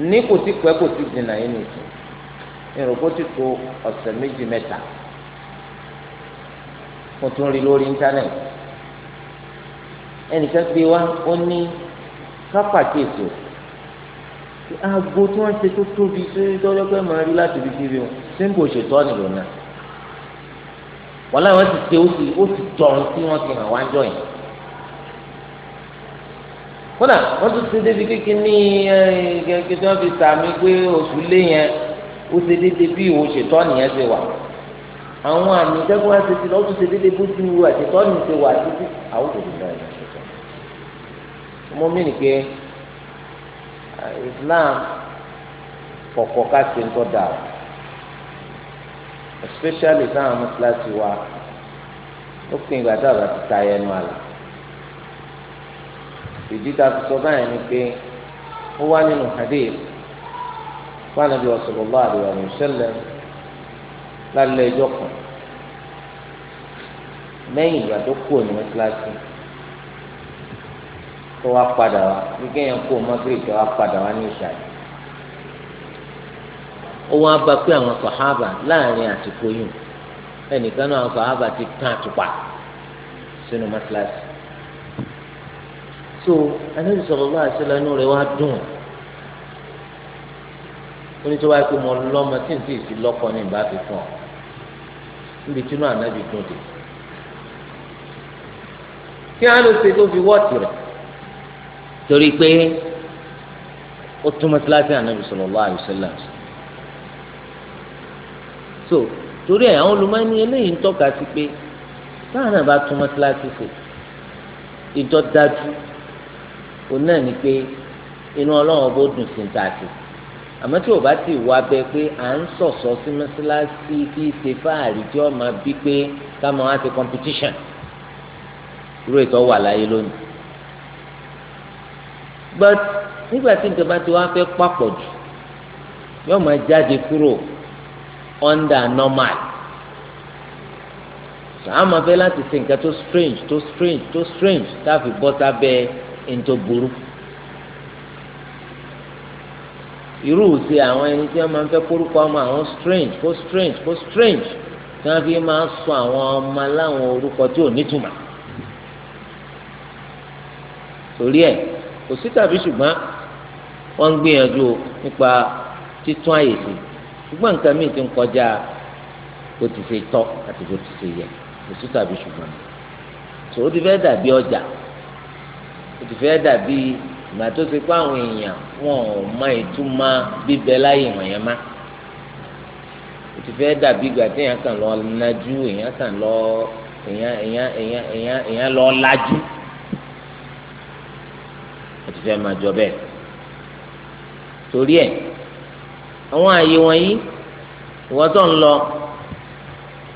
[SPEAKER 1] ní kò tí pẹ́ kò tí dìnnà yín nìkan ìrùkú ti tó ọ̀sẹ̀ méjì mẹ́ta mo tún rí lórí íńtánẹ́ẹ̀tì ẹnìkan gbé wá ó ní kápákéètò aago tí wọ́n ṣe tó tóbi tó dọ́jọ́ pé màá rí láti fi kiri o símbò ṣètọ́ nìlò náà wàhálà wọn ti ṣe ó ti ó ti jọrun tí wọn ti hàn wá jọ yẹn kódà wọn tún ṣe débi kékeré ní gẹ́gẹ́ tí wọn fi sàmì pé oṣù lé yẹn ó ṣe déédéé bí ìwò ṣètọ́ nìyẹn ṣe wà àwọn àmì ìjẹ́gun àti ti lọ́ọ́ tún ṣe déédéé bó ti wù àṣetọ́ nìyẹn wà títí àwọn òṣèlú náà yẹn ṣètọ́ mo mí ni pé Islam kọ̀kọ̀ ká ṣe ń tọ́ da o especially sáwọn mọ́sálásí wa ó pin ìgbà tá a bá ti ta ẹnu àlà ìdí tá a fi sọ báyìí ni pé ó wá nínú hadith fún anabi sallallahu alaihi wasallam lálẹ́ ẹjọ́ kan lẹ́yìn ìgbà tó kúrò ní mọ́sálásí tó wá padà wá ní kéèyàn kó mọ́gírì tó wá padà wá ní ìṣàlẹ̀ ó wá bá pé àwọn sàhábà láàrin àsìkò yìí ẹnìkan náà àwọn sàhábà ti tán àtùpà sínú mọ́sálásí so anabi sallallahu alaihi wasallam inú rẹ̀ wá dùn onítọ́ wáyé pé mo lọ́mọ tí n tí ì fi lọ́kọ ní ìbá fi fún ọ níbi tí inú anabi dùn dé kí á ló ṣe tó fi wọ́ọ̀tì rẹ̀ torí pé ó tún mọ́sálásí anabi sallallahu alaihi wasallam sí so torí ẹ̀ àwọn olùmọ̀ọ́ni eléyìí ń tọ́ka sí pé táwọn náà bá tún mọ́sálásí ṣe ìjọ dájú òun náà ni pé inú ọlọ́run bó dùn sí ta sí àmọ́ tí o bá ti wá bẹ pé à ń sọ̀sọ́ sí mọ́sálásí kí ṣe fáàrí tí wọ́n máa bí pé ká máa wá ṣe competition irú ètò wà láyé lónìí but nígbà tí nǹkan bá ti wá fẹ́ pàpọ̀ jù yóò máa jáde kúrò under normal so sàmà fẹ́ láti ṣe nǹkan tó strange tó strange tó strange táfi bọ́ sábẹ́ ntọ́ burú irú ṣe àwọn ẹni tí wọ́n máa ń fẹ́ kórúkọ ọmọ àwọn strange kó strange kó strange tí wọ́n fi máa ń sọ àwọn ọmọ láwọn orúkọ tí ò nítumọ̀ torí ẹ̀ kò sí tàbí ṣùgbọ́n wọ́n ń gbìyànjú nípa títún àyè sí i ṣùgbọ́n nǹkan míì ti ń kọjá bó ti ṣe tọ́ àti bó ti ṣe yẹ kò sí tàbí ṣùgbọ́n tó o ti fẹ́ dàbí ọjà o ti fẹ́ dàbí ìgbà tó ti kó àwọn èèyàn wọn ò mọ ìtumọ̀ bíbẹ láyè wọ̀nyẹn má o ti fẹ́ dàbí ìgbà tí èèyàn kàn lọ nájú èèyàn kàn lọ èèyàn èèyàn èèyàn èèyàn èèyàn lọ lájú o ti fẹ́ máa jọ bẹ́ẹ̀ torí ẹ̀ àwọn àyè wọ̀nyí ìwọ́n tó ń lọ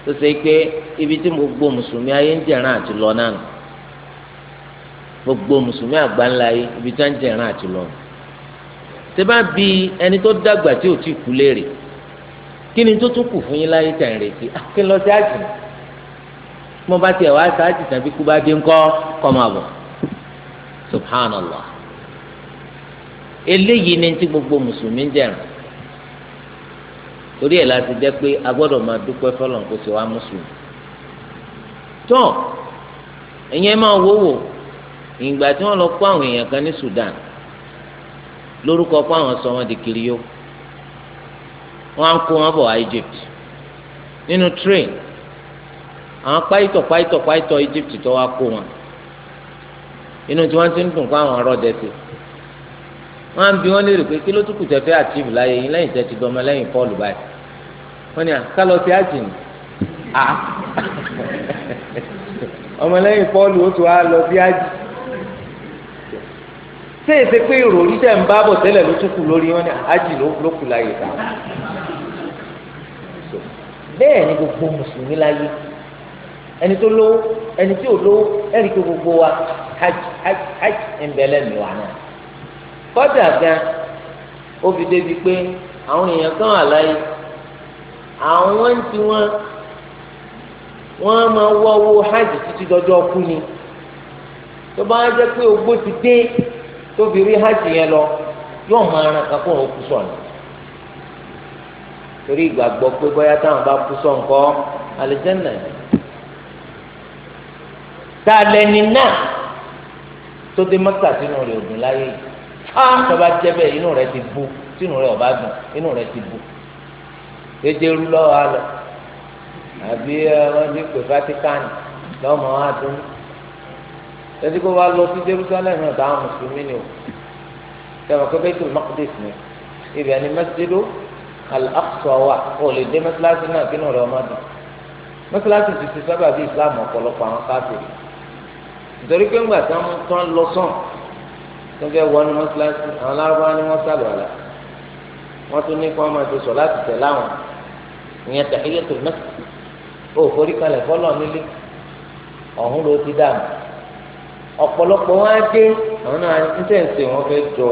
[SPEAKER 1] tó ṣe pé ibi tí gbogbo mùsùlùmí ayé ń jẹ̀ràn àti lọ náà gbogbo mùsùlùmí àgbáńlá ayé ibi tí wọ́n ń jẹ̀ràn àti lọ. ṣé bá bi ẹni tó dàgbà tí ò tí kú léèrè kí ni tó tún kù fún yín láyé tẹ̀ ń retí ah, kí n lọ sí àjì mo bá tiẹ̀ wá sáájì tàbí kú bá dé ńkọ́ kọ́ máa bọ̀ subhanallah eléyìí ni ti gbogbo mùsùlùmí ń jẹ̀ràn torí ẹ̀ láti jẹ́ pé a gbọ́dọ̀ máa dúpẹ́ fọlọ́n kó ṣe wá mùsùlùmí. tó ẹ̀yẹ́ máa wò wò ìgbà tí wọ́n lọ kó àwọn èèyàn kan ní Sudan lórúkọ kó àwọn sọ wọn di kiriyó wọ́n á kó wọn bọ̀ Egypt nínú train àwọn páìtọ̀ páìtọ̀ páìtọ̀ Egypt tó wá kó wọn inú tí wọ́n ti ń dùn kó àwọn ọ̀rọ̀ dẹ̀ sí wọ́n á bí wọ́n léèrè pé kí ló tún kù tẹ́ láyé yín lẹ́yìn tẹ́ ti lẹ́yìn Pọ́ọ̀lù báyìí wọ́n ní à kálọ̀ sí àjìn à ọmọlẹ́yìn pọ́ọ̀lù ó tún á lọ sí àjìn
[SPEAKER 2] ṣé èsè pé ìròyìn tẹ̀ ń bá bọ̀ tẹ́lẹ̀ ló tún
[SPEAKER 1] kù lórí wọn ní àjìn ló kù láyè ká bẹ́ẹ̀ ni gbogbo mùsùlùmí láyé ẹni tó lówó ẹni tí ò lówó ẹni tó gbogbo wa hajj hajj hajj ń bẹ lẹ́nu wa náà kọ́dà gan ó fi débi pé àwọn èèyàn kan wà láyé àwọn ń ti wọn wọn á máa wá owó hajj títí dọjọ́ kú ni tó bá jẹ́ pé ogbó ti dé tó fi rí hajj yẹn lọ yóò máa ran kakó òun kú sọ̀nù torí ìgbàgbọ́ pé bóyá táwọn bá kú sọ̀nkọ́ alẹ́sẹ̀nà tá a lẹni náà tó dé mọ́tà sínú rẹ̀ òdùn láyé yìí
[SPEAKER 2] ah! á tọ́ba jẹ́
[SPEAKER 1] bẹ́ẹ̀ inú rẹ̀ ti bu sínú rẹ̀ ọ̀bá dùn inú rẹ̀ ti bu jẹjẹrú lọ́wọ́ alọ̀ àbí wọ́n ti pè Vatican lọ́mọ adúlú tẹ́tí kó wá lọ sí Jerusalem náà táwọn mùsùlùmí ni o sẹ́wọ̀n kó Baitul Maqdis ni ibẹ̀ ni mẹ́sídó Al-Aqsa wà ó lè dé mẹ́sílásí náà kí náà rẹ̀ ọmọ dùn mẹ́sílásí ti ti sábà bí Islam ọ̀pọ̀lọpọ̀ àwọn káfíìrì nítorí pé ńgbà tí wọ́n tán lọ sàn tó fẹ́ wọnú mẹ́sílásí àwọn lárúbáwá ni wọ́n sálọ̀ àlà wọ́n tún ní kí wọ́n máa ti sọ láti tẹ̀ láwọn ìyẹn tahiyatul masjid ó forí kalẹ̀ fọlọ́ nílé ọ̀hún ló ti dà mọ́ ọ̀pọ̀lọpọ̀ wọn á dé àwọn náà ń tẹ̀sẹ̀ wọn fẹ́ jọ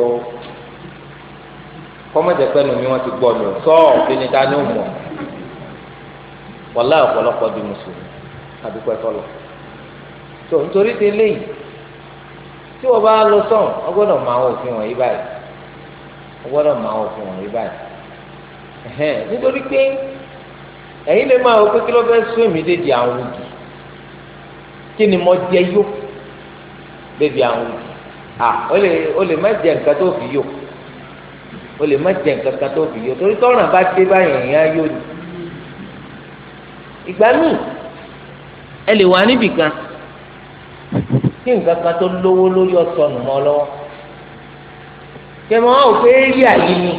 [SPEAKER 1] kọ́mọ̀tẹ̀pẹ́ nu mi wọ́n ti gbọ́ mi ò sọ́ọ̀ ni dání ò mọ̀ ọ̀pọ̀lọpọ̀ di mùsùlùmí àdúgbò ẹ̀fọ́ lọ tó nítorí ti léyìí tí wọ́n bá lọ sọ̀n wọ́n gbọ́dọ̀ mọ ẹ̀yin lè máa wọ pé kí ló fẹ́ sún èmi débi àwọn òbí kí ni mo jẹ yó débi àwọn òbí à ó lè ó lè má jẹ nǹkan tó fi yó ó lè má jẹ nǹkan kan tó fi yó torí tọ́ràn bá dé báyìí ẹ̀yìn á ni ìgbà míì ẹ lè wà níbì kan kí nǹkan kan tó lówó lórí ọ̀sán nù mọ́ lọ́wọ́ kí ẹ pé èrè àyè ni.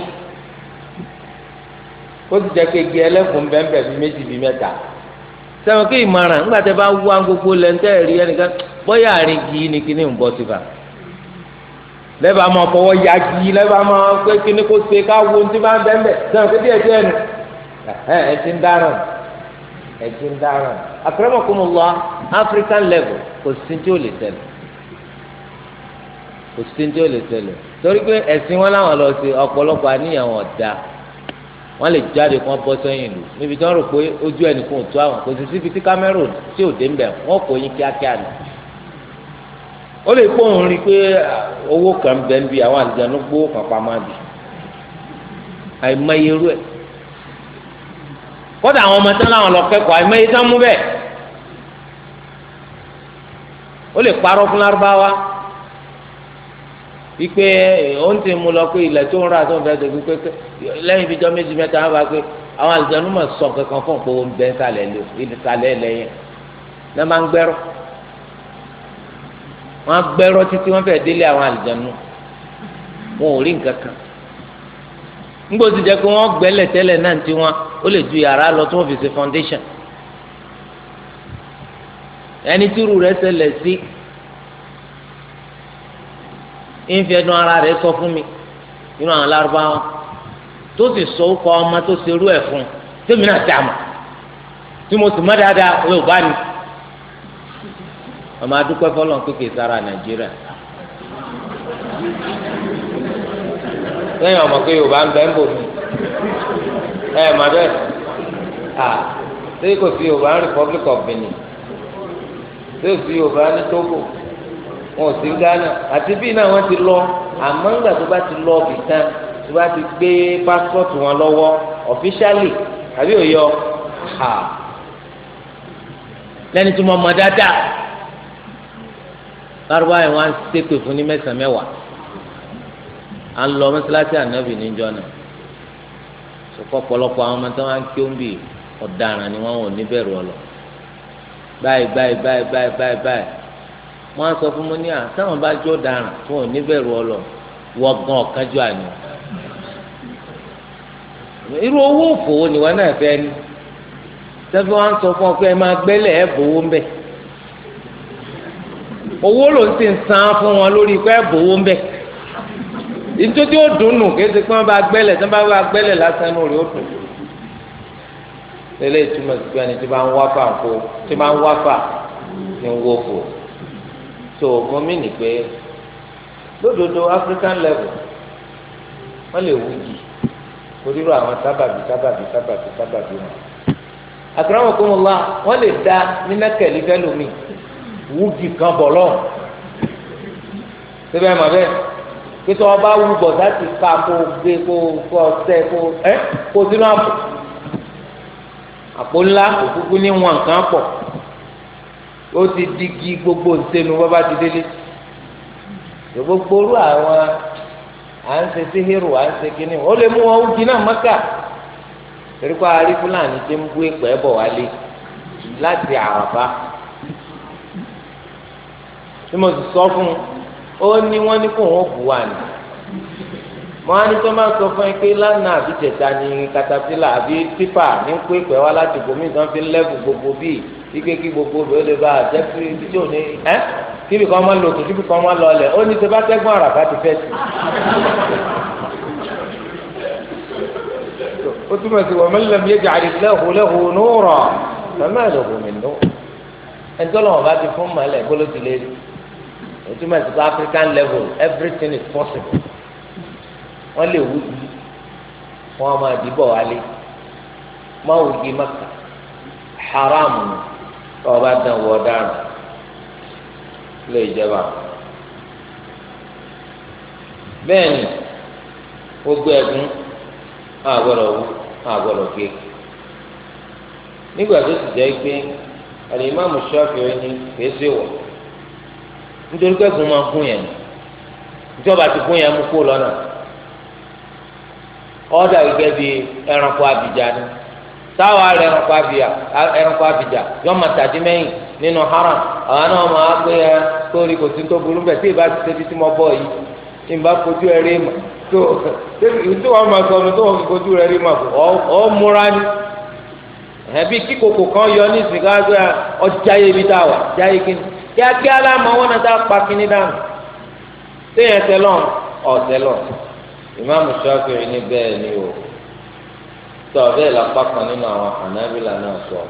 [SPEAKER 1] ó sì jẹ́ pé ẹlẹ́fun bẹ́ẹ̀ bí méjì bí mẹ́ta sẹ́wọ̀n kí ìmọ̀ràn ńgbà tẹ́ bá wá gbogbo lẹ́ńtẹ́ rí ẹnìkan bóyá àárín igi ni kíní ń bọ́ lẹ́bàá máa fọwọ́ ya igi lẹ́bàá máa pé kíní kó ká wo ti máa bẹ́ẹ̀ bẹ́ẹ̀ sẹ́wọ̀n kí díẹ̀ díẹ̀ ẹ level kò sí tí lè tẹ̀lé kò sí tí lè tẹ̀lé torí pé wọ́n lè jáde kí wọ́n bọ́ sẹ́yìn ìlú níbi tí wọ́n rò pé ojú ẹnìkan ò tó àwọn kò sì síbi tí kámẹ́rà tí ò dé ń bẹ̀ wọ́n kò yín kíákíá ni. ó lè kó òun rí i pé owó kan bẹ ń bi àwọn àlùjáde gbówó kan pamọ́ àbí àìmọye irú ẹ̀. kódà àwọn ọmọ tán láwọn lọ kẹ́kọ̀ọ́ àìmọye tán mú bẹ́ẹ̀. ó lè parọ́ fún lárúbáwá ipe òun ti mú lọ pé ilẹ̀ tó ń rà tó ń fẹ́ tóbi pé lẹ́yìn ìbíjọ́ méjì mẹ́ta wọn bá pé àwọn àlùjànnú mọ̀ sọ kankan fún pé òun bẹ́ẹ̀ sálẹ̀ lò ìsàlẹ̀ lẹ́yìn lẹ́ máa ń gbẹ́rọ́ wọ́n á gbẹ́rọ́ títí wọ́n fẹ́ délé àwọn àlùjànnú wọn ò rí nǹkan kan nígbà tó jẹ́ pé wọ́n gbẹ́lẹ̀ tẹ́lẹ̀ náà ti wọn ó lè ju yàrá lọ tó fi ṣe foundation ẹni tí irú rẹ̀ ṣẹlẹ̀ sí. Si ìfi ẹnu ara rẹ̀ sọ fún mi nínú àwọn alárúbáwá tó sì sọ ó kọ ọmọ tó ṣe irú ẹ̀ fún tèmi náà dà mọ́ tí mo sì mọ́ dáadáa òye ò bá ní. ọmọ adúpẹ́ fọlọ́n kékeré sára nàìjíríà
[SPEAKER 2] lẹ́yìn ọmọ pé yorùbá ń bẹ́ ń bò mí ẹ mà bẹ́ẹ̀ à
[SPEAKER 1] ṣé kò sí yorùbá republic of benin ṣé kò sí yorùbá ní togo wọn ò sí Ghana àti bí náà wọ́n ti lọ àmọ́ ńgbà tó bá ti lọ ọ̀bì kan tó bá ti gbé pásítọ̀tù wọn lọ́wọ́ ọ̀fíṣálì àbí òye ọ ha lẹ́ni tí mo mọ̀ dáadáa lárúbá yẹn wọ́n á ṣépè fún ní mẹ́sàn-án mẹ́wàá à ń lọ mọ́sálásí ànábì níjọ́ náà sọ̀kọ́ ọ̀pọ̀lọpọ̀ àwọn ọmọ tó máa ń kí ó ń bì ọ̀daràn ni wọ́n ò ní bẹ̀rù ọlọ báyìí báyìí báyìí báyìí báyìí báyìí wọn á sọ fún mi ní à táwọn bá jọ dáràn fún òní bẹ̀rù ọlọ wọgán ọ̀kánjọ àná irú owó òfòwò ni wọn náà fẹ́ ni sẹfẹ wọn sọ fún ọ pé ẹ máa gbẹlẹ ẹ bòwó ń bẹ owó ló ń sì ń san fún wọn lórí pé ẹ bòwó ń bẹ ìtòtí ó dùn nù kí ẹ ti pé wọn bá gbẹlẹ tí wọn bá bá gbẹlẹ lásán ní orí ó dùn lélẹ ìtumọ̀ sí pé ẹni tí wọn bá ń wá fà kó tí wọn bá ń wá fà ní wọ́pọ̀ so mo mí nì pé lódodo African level wọ́n lè wújì onírú àwọn sábàbí sábàbí sábàbí sábàbí wọn àkàràwọn kò mọ wá wọ́n lè da ní mẹkẹlí fẹlómi wújì kan bọ lọ síbẹ̀ mọ̀ bẹ́ẹ̀ pété ọba wú bọ̀ láti ká kó gbé kó kó ọtẹ kó ẹ kó sínú àpò àpò ńlá òkúkú ní wọn nǹkan pọ̀. ó ti di kí gbogbo ntẹnu bá bá ti délé gbogbo orú àwọn à ń ṣe síhìrù à ń ṣe kínní ó lè mú wọn ó jiná mọ́kà torí pé arí fúlàní ti ń bú ìpẹ́ bọ̀ wálé láti àràbá tí mo sì sọ fún un ó ní wọ́n ní kó wọ́n bù ni katapila àbí tipa ní kó wá láti gbogbo bíi. ike kí gbogbo obìnrin lè ba àjẹ́ pé ibi tí ò ní ẹ́ kíbi kan máa ń lo òkè kíbi kan máa ń lọ ọlẹ̀ ó ní sèpá tẹ́gbọ́n àràfà ti fẹ́ sí.
[SPEAKER 2] ó túmọ̀ sí wọ́n mẹ́lẹ̀ mi yéjà àdìlẹ́hù lẹ́hù nùrọ̀
[SPEAKER 1] mẹ́mẹ́ lògùn mi nù. ẹni tó bá ti fún mọ́lẹ̀ kóló ti lé ó túmọ̀ sí pé African level everything is possible. wọ́n lè wú ju wọ́n máa dìbò wálé máa wù kí maka haram nù. ọba dán wọ ọ̀daràn lé ìjọba bẹ́ẹ̀ ni gbogbo ẹ̀gún àgbọ̀dọ̀ wú àgbọ̀dọ̀ gé nígbà tó ti jẹ́ pé àlìmáàmù Ṣáfi'í ni kìí ṣe wọ̀ nítorí kẹ́gùn máa yẹn ìjọba ti gún yẹn mú kó lọ́nà ọ̀dà gẹ́gẹ́ bíi ẹranko àbíjà ni. táwa rẹ ẹranko àbíyà ẹranko àbíjà nínú haram àwọn náà máa gbé ẹ sórí kò tó burú bẹ tí ìbá tẹbi tí mo bọ yìí tí n bá kojú ẹ rí mà tó tí wọn máa sọ tó wọn fi kojú ọ múra ni ẹbí kòkò kan yọ ní gbé ọjà yẹ ibi táwa já yẹ kí ni kíákíá náà tá a pa kíní dànù téèyàn tọ́ bẹ́ẹ̀ lápá kan nínú àwọn ànábìlà náà sọ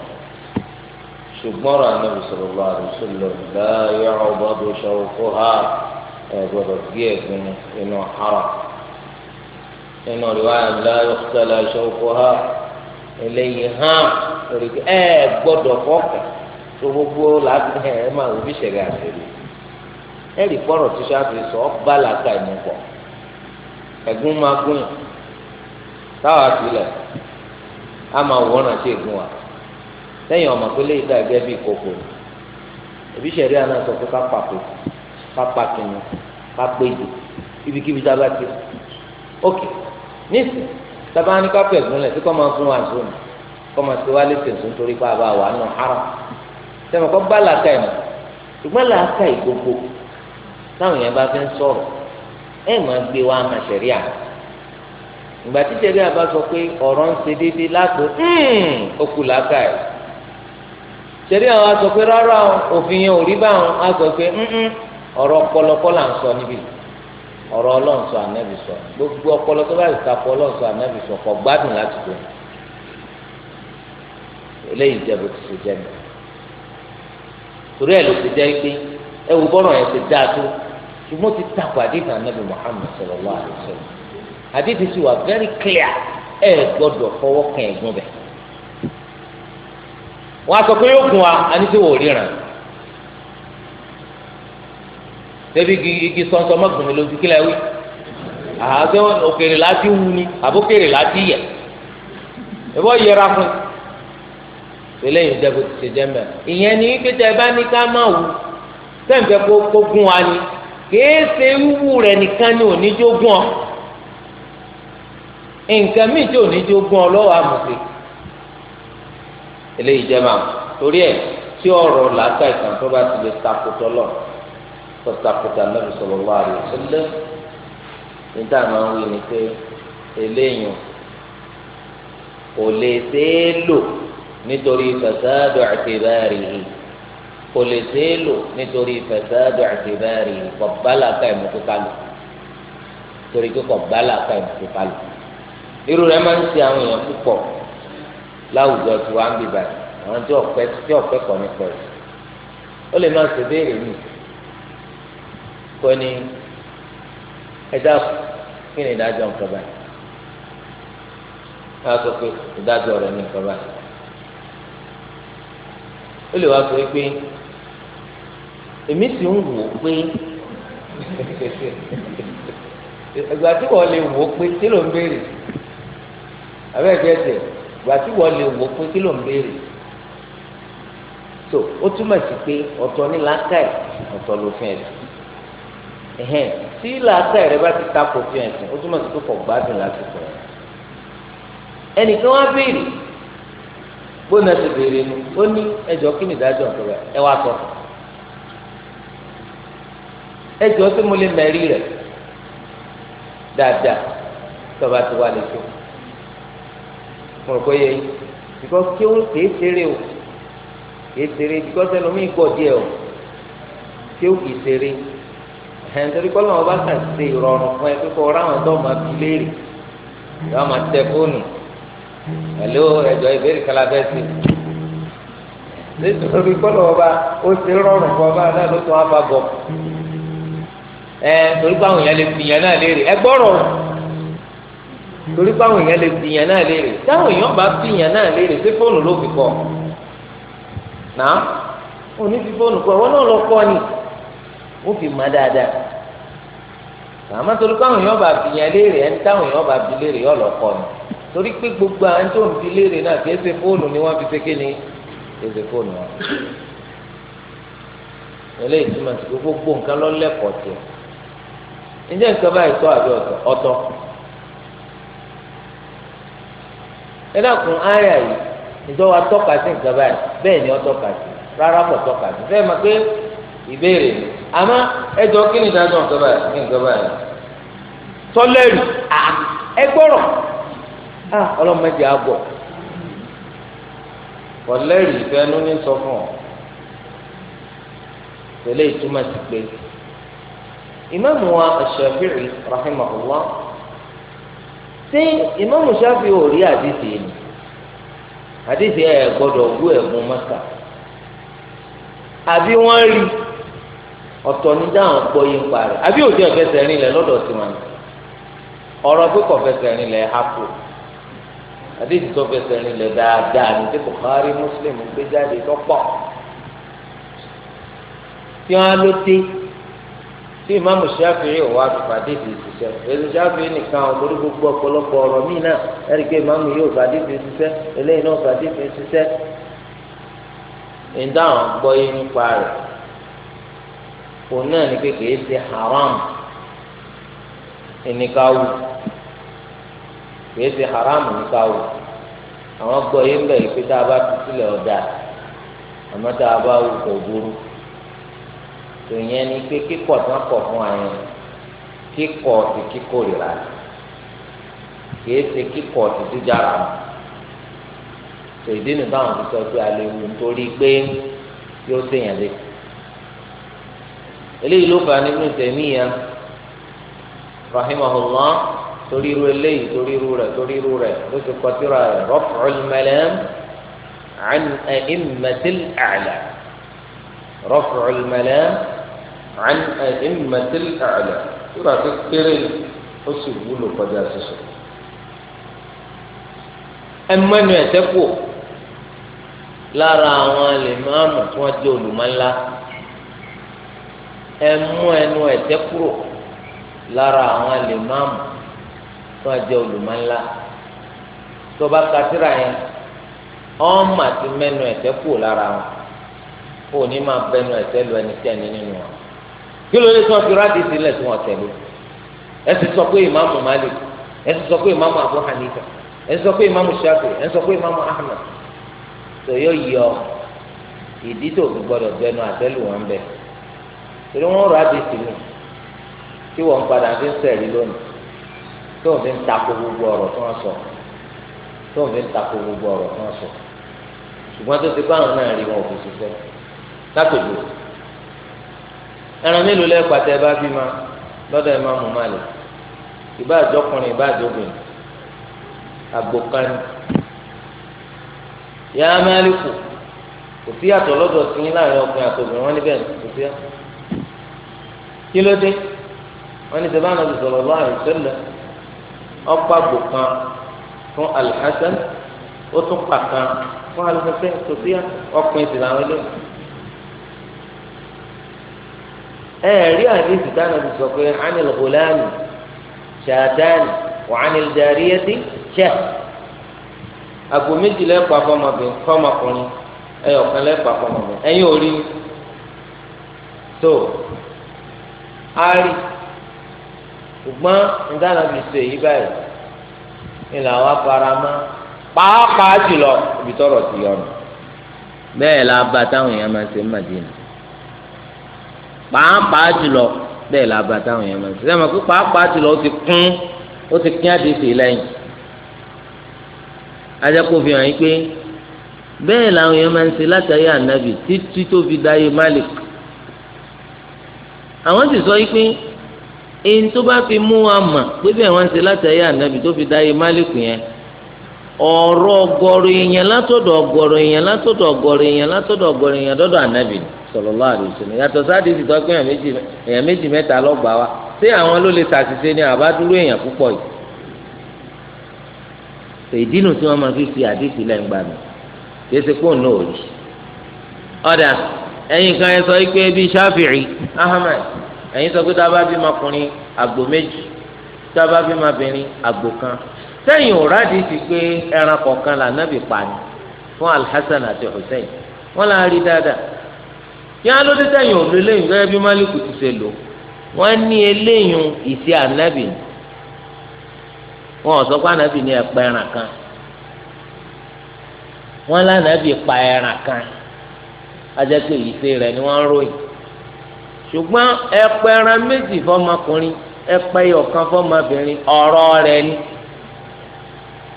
[SPEAKER 1] ṣùgbọ́n ọ̀rọ̀ ànábì sọ̀rọ̀ bá a lọ́sọ̀ lọ láàyè ọ̀bọ̀ tó ṣọwọ́ kó ha ẹ̀ gbọ́dọ̀ bí ẹ̀gbin inú ara inú rìwáyà láàyè ọ̀tẹ̀lẹ̀ ṣọwọ́ kó ha eléyìí hàn lórí ẹ̀ gbọ́dọ̀ tó gbogbo làákùn ẹ̀ ẹ̀ máa wò bí ṣẹ̀gà àṣẹ̀lẹ̀ ẹ̀ rí pọ̀rọ̀ tó ṣáàbì a máa wọ́ràn sí ègún wa lẹ́yìn ọmọ pé léyìí dàgẹ́ bíi kòkò ẹbí sẹ̀rí àná sọ pé ká pàpò ká pàkìnnì ká péjì ibikíbi tá a bá ti ok nísìnyí tábà ní ká pẹ̀gùn lẹ̀ tí kò máa fún wa sùn kò máa ti wá létí sùn torí pé a bá wà nù ara sẹ́mi kò bá làákà ẹ̀ mọ̀ ṣùgbọ́n làákà ìgbòho táwọn yẹn bá fi sọ̀rọ̀ ẹ̀ máa gbé wa máa sẹ̀rí àná ìgbà tí tẹ̀lé àbá sọ pé ọ̀rọ̀ ń ṣe déédéé látò okù hmm, làákà ẹ̀ tẹ̀lé àwọn á sọ pé rárá òfin yẹn ò rí báwọn á sọ pé ọ̀rọ̀ ọpọlọpọ là ń sọ níbí ọ̀rọ̀ ọlọ́run sọ ànábì sọ gbogbo ọpọlọ tó bá lè ta pọ̀ ọlọ́run sọ ànábì sọ kọ̀ gbádùn láti tó eléyìí jẹ́ bó ti ṣe jẹ́ mi torí ẹ̀ ló ti jẹ́ pé ẹ wo bọ́rọ̀ yẹn ti dáa tó ṣùgbọ́n ti tàpá àdéhùn ànábì Muhammad sallallahu alaihi wasallam àdìsí sì wà very clear ẹ gbọ́dọ̀ fọwọ́ kan ẹ̀gbọ́n bẹ̀. wọ́n á sọ pé yóò gun wa àníṣe wò ríran débi igi sọ̀nsọ̀ mọ́gbọ̀n mi lójú kílẹ̀ wí àhàzẹ́ òkèrè láti wù ni àbókèrè láti yẹ ìbọn yẹra fún eléyìí jẹ́ bó ti ṣe jẹ́ mẹ́rin ìyẹn ni wípé bá ní ká má wù sẹ́ǹfẹ̀ kó gún wa ni kèé ṣe wíwú nìkan ni ò jó gún ọ nǹkan míì tí ò ní tí ó gún ọ lọ́wọ́ àmùsè eléyìí jẹ́ màmú torí ẹ̀ tí ọ̀rọ̀ làákà ìkàn tó bá ti lè takùtọ̀ lọ tó takùtà Nabi sallallahu alaihi wasallam níta máa ń wí ni pé eléyìí kò lè ṣeé lò nítorí fasadu i'tibarihi kò lè ṣeé lò nítorí fasadu i'tibarihi kò bá làákà ìmọ̀tò kálù torí pé bá làákà ìmọ̀tò kálù irú rẹ̀ máa ń ṣe àwọn èèyàn púpọ̀ láwùjọ tí wàá ń bìbà àwọn tí ọ̀pẹ tí ọ̀pẹ kọ̀ nípa ẹ̀ ó lè máa ṣe béèrè mi kò ní ẹ dákun kí ni ìdájọ́ nǹkan báyìí wọ́n á sọ pé ìdájọ́ rẹ̀ ní nǹkan báyìí ó lè wá sọ pé èmi sì ń wò ó pé ìgbà tí wọ́n lè wò ó pé kí ló ń béèrè sí abẹ́ẹ̀kẹ́ tẹ̀ gbà tí wọ́n lè wò pé kí ló ń béèrè so ó túmọ̀ sí pé ọ̀tọ̀ ní làákàyè ọ̀tọ̀ lófin ẹ̀sìn ẹ̀hẹ́n tí làákàyè rẹ bá ti ta kò fi ẹ̀sìn ó túmọ̀ sí pé kò gbádùn lásìkò rẹ ẹnìkan wá béèrè gbóná ti béèrè nu ó ní ẹjọ́ kí ni ìdájọ́ nǹkan rẹ ẹ wá sọ ẹjọ́ tí mo lè mẹ́rí rẹ̀ dáadáa tọ́ba ti wá lè tó mo rò yẹ yín because kí ó kéé seré o kéé seré because ẹlòmíì gbọ́ díẹ̀ o kí ó kìí seré ẹ̀ nítorí kọ́ lọ́wọ́ bá kà ṣe ìrọ̀rùn fún ẹ kíkọ́ ráwọn tó máa fi léèrè tó máa tẹ fóònù pẹ̀lú ẹ̀jọ̀ ìbéèrè kala bẹ́ẹ̀ sí nítorí kọ́ lọ́wọ́ bá ó ṣe rọrùn fún ọba náà ló tún á bá bọ̀ ẹ̀ torí pé àwọn lè fi yẹn náà léèrè ẹ gbọ́rọ̀ rùn. torí pé àwọn èèyàn lè fi yàn náà léèrè táwọn èèyàn bá fi yàn náà léèrè ṣé fóònù ló fi kọ náà ní fi fóònù kọ wọn náà lọ kọ ni ó fi má dáadáa àmọ́ torí pé àwọn èèyàn bá fi yàn léèrè ẹni táwọn èèyàn bá kọ ni torí gbogbo àwọn tó ń fi léèrè náà fóònù ni fi ṣe kí ni fóònù eléyìí túmọ̀ sí gbogbo ẹ dákun áyà yìí ìjọba tọ́ka sí nǹkan báyìí bẹ́ẹ̀ ni ó tọ́ka sí rárá kò tọ́ka sí fẹ́ẹ́ máa pé ìbéèrè ni àmọ́ ẹ jọ kí ni ìdájọ́ nǹkan báyìí kí nǹkan báyìí tọ́lẹ́rì ẹ gbọ́rọ̀ ọlọ́mọdé àgọ̀ kọ̀lẹ́rì ìfẹ́nu ní sọ fún ọ tẹ̀lé ìtumọ̀ sí pé ìmáàmù wa Ṣafi'i rahimahullah ṣé ìmáàmù Ṣáfi ò rí àdìsí ni àdìsí ẹ̀ gbọ́dọ̀ gbú ẹ̀gún mọ́kà àbí wọ́n rí ọ̀tọ̀ ní dáhùn gbọ́ yín parí àbí òjò ẹ̀fẹsẹ̀ rìn lẹ̀ lọ́dọ̀ sí wọn ọ̀rọ̀ pípọ̀ fẹsẹ̀ rìn lẹ̀ hapò àdìsí tó fẹsẹ̀ rìn lẹ̀ dáadáa ní tí Bukhari Muslim gbé jáde tó pọ̀ tí wọ́n á ló dé tí ìmáàmù Ṣáfi'í ò wá fìpàdé ti ṣiṣẹ́ èdè Ṣáfi'í nìkan olórí gbogbo ọ̀pọ̀lọpọ̀ ọ̀rọ̀ míì náà ẹ̀rí pé ìmáàmù yóò fàdé ti ṣiṣẹ́ eléyìí náà fàdé ti ṣiṣẹ́ ìdáhùn gbọ́ yín nípa rẹ̀ òun náà ní kékeré ṣe haram ìníkàwù kìí ṣe haram ìníkàwù àwọn gbọ́ yín bẹ̀ yìí bá fi sílẹ̀ ọ̀dà àmọ́ bá wù kò burú tó yẹn ni pé kíkọ̀ tí wọ́n kọ̀ fún wa yẹn kíkọ̀ ti kíkọ̀ rira kìí ṣe kíkọ̀ ti jíjára tó ìdí nìkan àwọn ti sọ pé alẹ́ wù nítorí pé yóò ṣèyàn lé eléyìí ló fà ní Ibn Taymiyyah rahimahullah torí irú eléyìí torí irú rẹ̀ torí irú rẹ̀ ló ti kọ tírà rẹ̀ Raf'ul Malam an a'immatil a'la Raf'ul Malam àn àìmọ̀tìl àlà sóra kékeré ó sì wúlò kọjá sísọ. ẹ mẹ́nu ẹ̀sẹ̀ kù lára àwọn alẹ́mọ́ọ̀mù tí wọ́n jẹ́ olùmọ̀ńlá ẹ mú ẹnu ẹ̀sẹ̀ kúrò lára àwọn alẹ́mọ́ọ̀mù tí wọ́n jẹ́ olùmọ̀ńlá tó bá katira yẹn ọmọ àti mẹ́nu ẹ̀sẹ̀ kù lára wọn òní máa bẹnu ẹ̀sẹ̀ lọ ẹnikẹ́ni nínú wọn kí ló dé tí wọ́n fi rádì sílẹ̀ tí wọ́n tẹ̀lé ẹ sì sọ pé ìmáàmù Malik ẹ sì sọ pé ìmáàmù Abu Hanifa ẹ sì sọ pé ìmáàmù Shafi ẹ sì sọ pé ìmáàmù Ahmad tó yóò yọ ìdí tó fi gbọdọ̀ bẹnu àtẹ́lù wọn bẹ torí wọn rádì sílẹ̀ tí wọ́n padà fi ń sẹ̀rí lónìí tó ń fi ń takò gbogbo ọ̀rọ̀ tí wọ́n sọ tó ń fi ń takò gbogbo ọ̀rọ̀ tí wọ́n sọ ṣùgbọ́n tó ti báwọn náà rí wọn ò fi ṣiṣẹ́ látòjú ẹran mélòó lẹ pàtẹ bá bí ma lọ́dọ̀ Ìmáàmù Málíkì ìbá àjọkùnrin ìbá àjọbìnrin àgbò kan yá Málíkù kò sí àtọ̀ lọ́dọ̀ sí yín láàrin ọkùnrin àtọ̀bìnrin wọn níbẹ̀ kò sí àtọ̀ kí ló dé wọn ní sẹbàá náà sọ̀rọ̀ lọ àìsẹlẹ ọ̀pọ̀ àgbò fún al ó tún pa fún al kò sí àtọ̀ ọkùnrin sì làwọn eléyìí. ẹ̀ẹ́rí àdìsí dáná ti sọ pé anil gulami ṣàdánì wà anil jariyati ṣẹ́ àgbo méjì lẹ́pàá fọmọbìnrin fọmọkùnrin ẹ̀yọ̀kan lẹ́pàá fọmọbìnrin ẹ̀yìn orí tó ari ṣùgbọ́n nígbàdàn fi ṣe èyí báyìí ni làwọn afárámá pàápàá jùlọ ibi tọrọ ti yọnu bẹ́ẹ̀ la bá táwọn èèyàn máa ṣe ń Màdínà. pàápàá jùlọ bẹ́ẹ̀ la bàtà àwọn yẹn máa ń sẹ́yìn mọ̀ pé pàápàá jùlọ ó ti kún ó ti kín àdìsí lẹ́yìn ajẹ́kọ̀ọ́ fi hàn yín pé bẹ́ẹ̀ làwọn yẹn máa ń ṣe látàrí ànábì títí tó fi dáyé Malik àwọn sì sọ yín pé èyí tó bá fi mú wa mà pé bẹ́ẹ̀ wọ́n ń ṣe látàrí ànábì tó fi dáyé Malik yẹn ọ̀rọ̀ ọgọ́rọ̀ èèyàn látọ̀dọ̀ ọgọ́rọ̀ èèyàn látọ̀dọ̀ ọgọ́rọ̀ èèyàn látọ̀dọ̀ ọgọ́rọ̀ èèyàn dọ́dọ̀ ànábì sallallahu alaihi ni yàtọ̀ sáàdì ti tọ́jú èèyàn méjì mẹ́ta lọ́gbà wa ṣé àwọn ló lè tàṣìṣe ni àbá dúró èèyàn púpọ̀ yìí. ìdínú tí wọ́n máa fi fi àdìsí lẹ́ ń gbà mí kì í ṣe pé òun náà ò rí. ọ̀dà ẹ̀yin kan ẹ sọ pé bíi Shafi'i Ahmad ẹ̀yin sọ pé tá a bá bí ọmọkùnrin àgbò méjì tá a bá bí ọmọbìnrin àgbò kan sẹ́yìn ò dị ti pé ẹran kọ̀ọ̀kan là nábì pàdé fún alhassan àti hussein wọ́n là rí dáadáa yẹn alóde sẹ́yìn ò lélẹ́yìn gẹ́gẹ́ bí málìkù ti ṣe wọ́n ní eléyìn ìṣe ànábì wọn ò sọ pé ànábì ní wọ́n pa ẹran kan ajẹ́pẹ́ ìṣe rẹ̀ ni wọ́n ròyìn ṣùgbọ́n ẹran méjì fọmọkùnrin ni.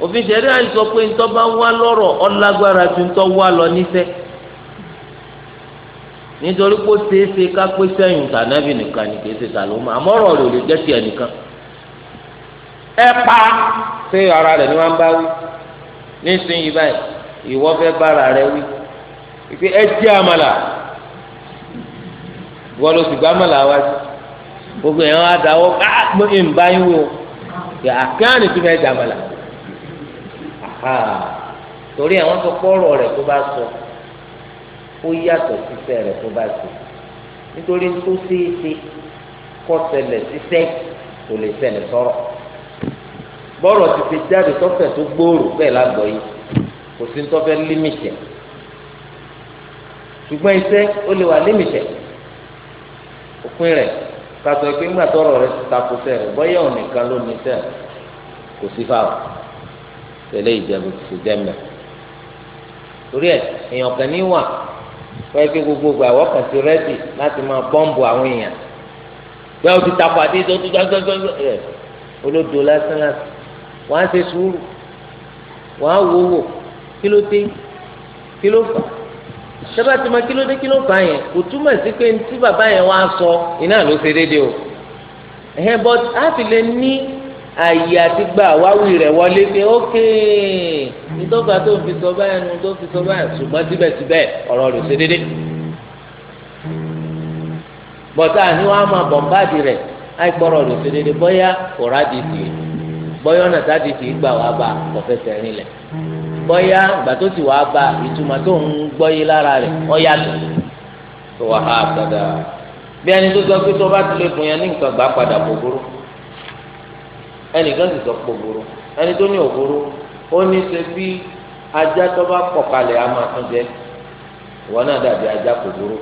[SPEAKER 1] òfin ṣẹ̀rí àìsọ pé ntọ́ bá wá lọ́rọ̀ ọlágbára ju ntọ́ wá lọ níṣẹ́ nítorí pé ó ṣeéṣe ká pé sẹ́yìn tànàbì nìkan ni kìí ṣe àmọ́ ọ̀rọ̀ rẹ̀ ò lè jẹ́ tiẹ̀ nìkan
[SPEAKER 2] ẹ pa ṣé ara rẹ̀ ni wọ́n
[SPEAKER 1] bá wí nísìnyí báyìí fẹ́ rẹ wí ìpè ẹ jẹ́ àmàlà wọ́n sì gbá àmàlà wá sí gbogbo ẹ̀ dáwọ́ ah, ń bá yín wò torí àwọn sọ pọ́ọ̀rọ̀ rẹ̀ tó bá sọ ó yàtọ̀ sísẹ́ rẹ̀ tó bá sọ nítorí tó ṣeé ṣe kọ́ ṣẹlẹ̀ sísẹ́ kò lè ṣẹlẹ̀ sọ̀rọ̀ bọ́ọ̀rọ̀ ti ti jáde tọ́fẹ̀ tó gbòòrò bẹ́ẹ̀ lágbọ̀ yìí kò sí tọ́fẹ̀ límìtẹ̀ ṣùgbọ́n iṣẹ́ ó lè wà límìtẹ̀ òpin rẹ̀ kàtọ́ ìpínlẹ̀ tọ́rọ̀ rẹ̀ ti takò sẹ́rẹ̀ bọ́yẹ̀ ònìkan ló ní sẹ́rẹ̀ kò sí fáwọn tẹ̀lé ìjẹ̀bù ti jẹ́mẹ̀. torí ẹ̀ èèyàn kan ní wà wọ́n ké gbogbo àwọn kan ti rẹ́dì láti máa bọ́ǹbù àwọn èèyàn bí wọ́n ti takò àti ìjọ tó gbàgbàgbà ẹ̀ olódo lásán lásán wọ́n á ṣe sùúrù wọ́n á wò wò kí ló dé kí ló fà sábà tí ma kí ló dé kí ló fà yẹn kò túmọ̀ sí pé tí bàbá yẹn wá sọ iná ló ṣe déédéé o ẹ̀hẹ́n bọ́t á fi lè ní àyè àti gbà wáwí rẹ̀ wọlé pé ókè ìtọ́gbà tó ń fi sọ báyìí nu tó ń fi sọ báyìí ṣùgbọ́n síbẹ̀síbẹ̀ ọ̀rọ̀ rẹ̀ ṣe déédéé bọ́tà ni wọ́n á máa bọ̀m̀báàdì rẹ̀ àìkpọ̀rọ̀ rẹ̀ ṣe déédéé bọ́yá ọ̀rá di tì í bọ́yá ọ̀nà tá di tì í gbà wá bá kọ̀fẹ́sẹ̀ rìn lẹ̀ bọ́yá ìgbà tó ti wá bá ìtumọ̀ tó ń gbọ́ yé lára rẹ̀ ọ̀yà tó wà á bí ẹni tó sọ pé tó bá ẹnìkan sì sọ pé òbúrú ẹni tó ní òbúrú ó ní ṣe bí ajá tó bá pọ̀ kalẹ̀ á máa tún jẹ ìwọ náà dàbí ajá kò burú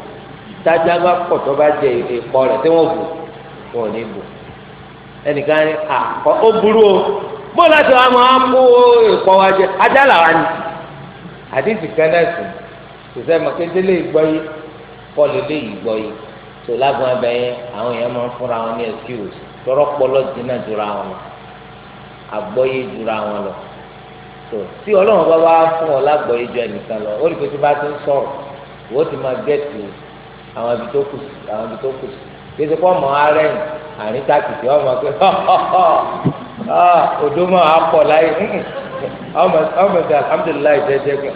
[SPEAKER 1] tájá bá pọ̀ tó bá jẹ ìkọ rẹ̀ tí wọ́n bù ní bù ní àkọ́ ó burú o bó láti wá máa kó ìkọ wa jẹ ajá làwa ni àdìsí kan yìí yìí tó àwọn máa ń fúnra wọn ní tọrọ pọlọ àgbọ́yé jura wọn lọ tó tí ọlọ́run bá wá fún ọ lágbọ́yé ju ẹnìkan lọ ó rí pé tí bá ti ń sọ̀rọ̀ ìwọ ti máa gẹ̀ẹ́tì àwọn ibi tó kù sí àwọn ibi tó kù sí kí ẹsẹ̀ kọ́ ọmọ arẹ́ yìí àárín tákìtì ọmọ pé odò máa á pọ̀ láyé ọmọ ìgbà alhamdulilayi jẹjẹ pé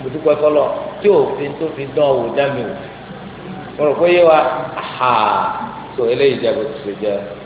[SPEAKER 1] mo dúpẹ́ fọlọ́ tí òfin tó fi dán owó dá mi o mo rò pé yé wa so eléyìí jẹ́ bó ti ṣe jẹ́.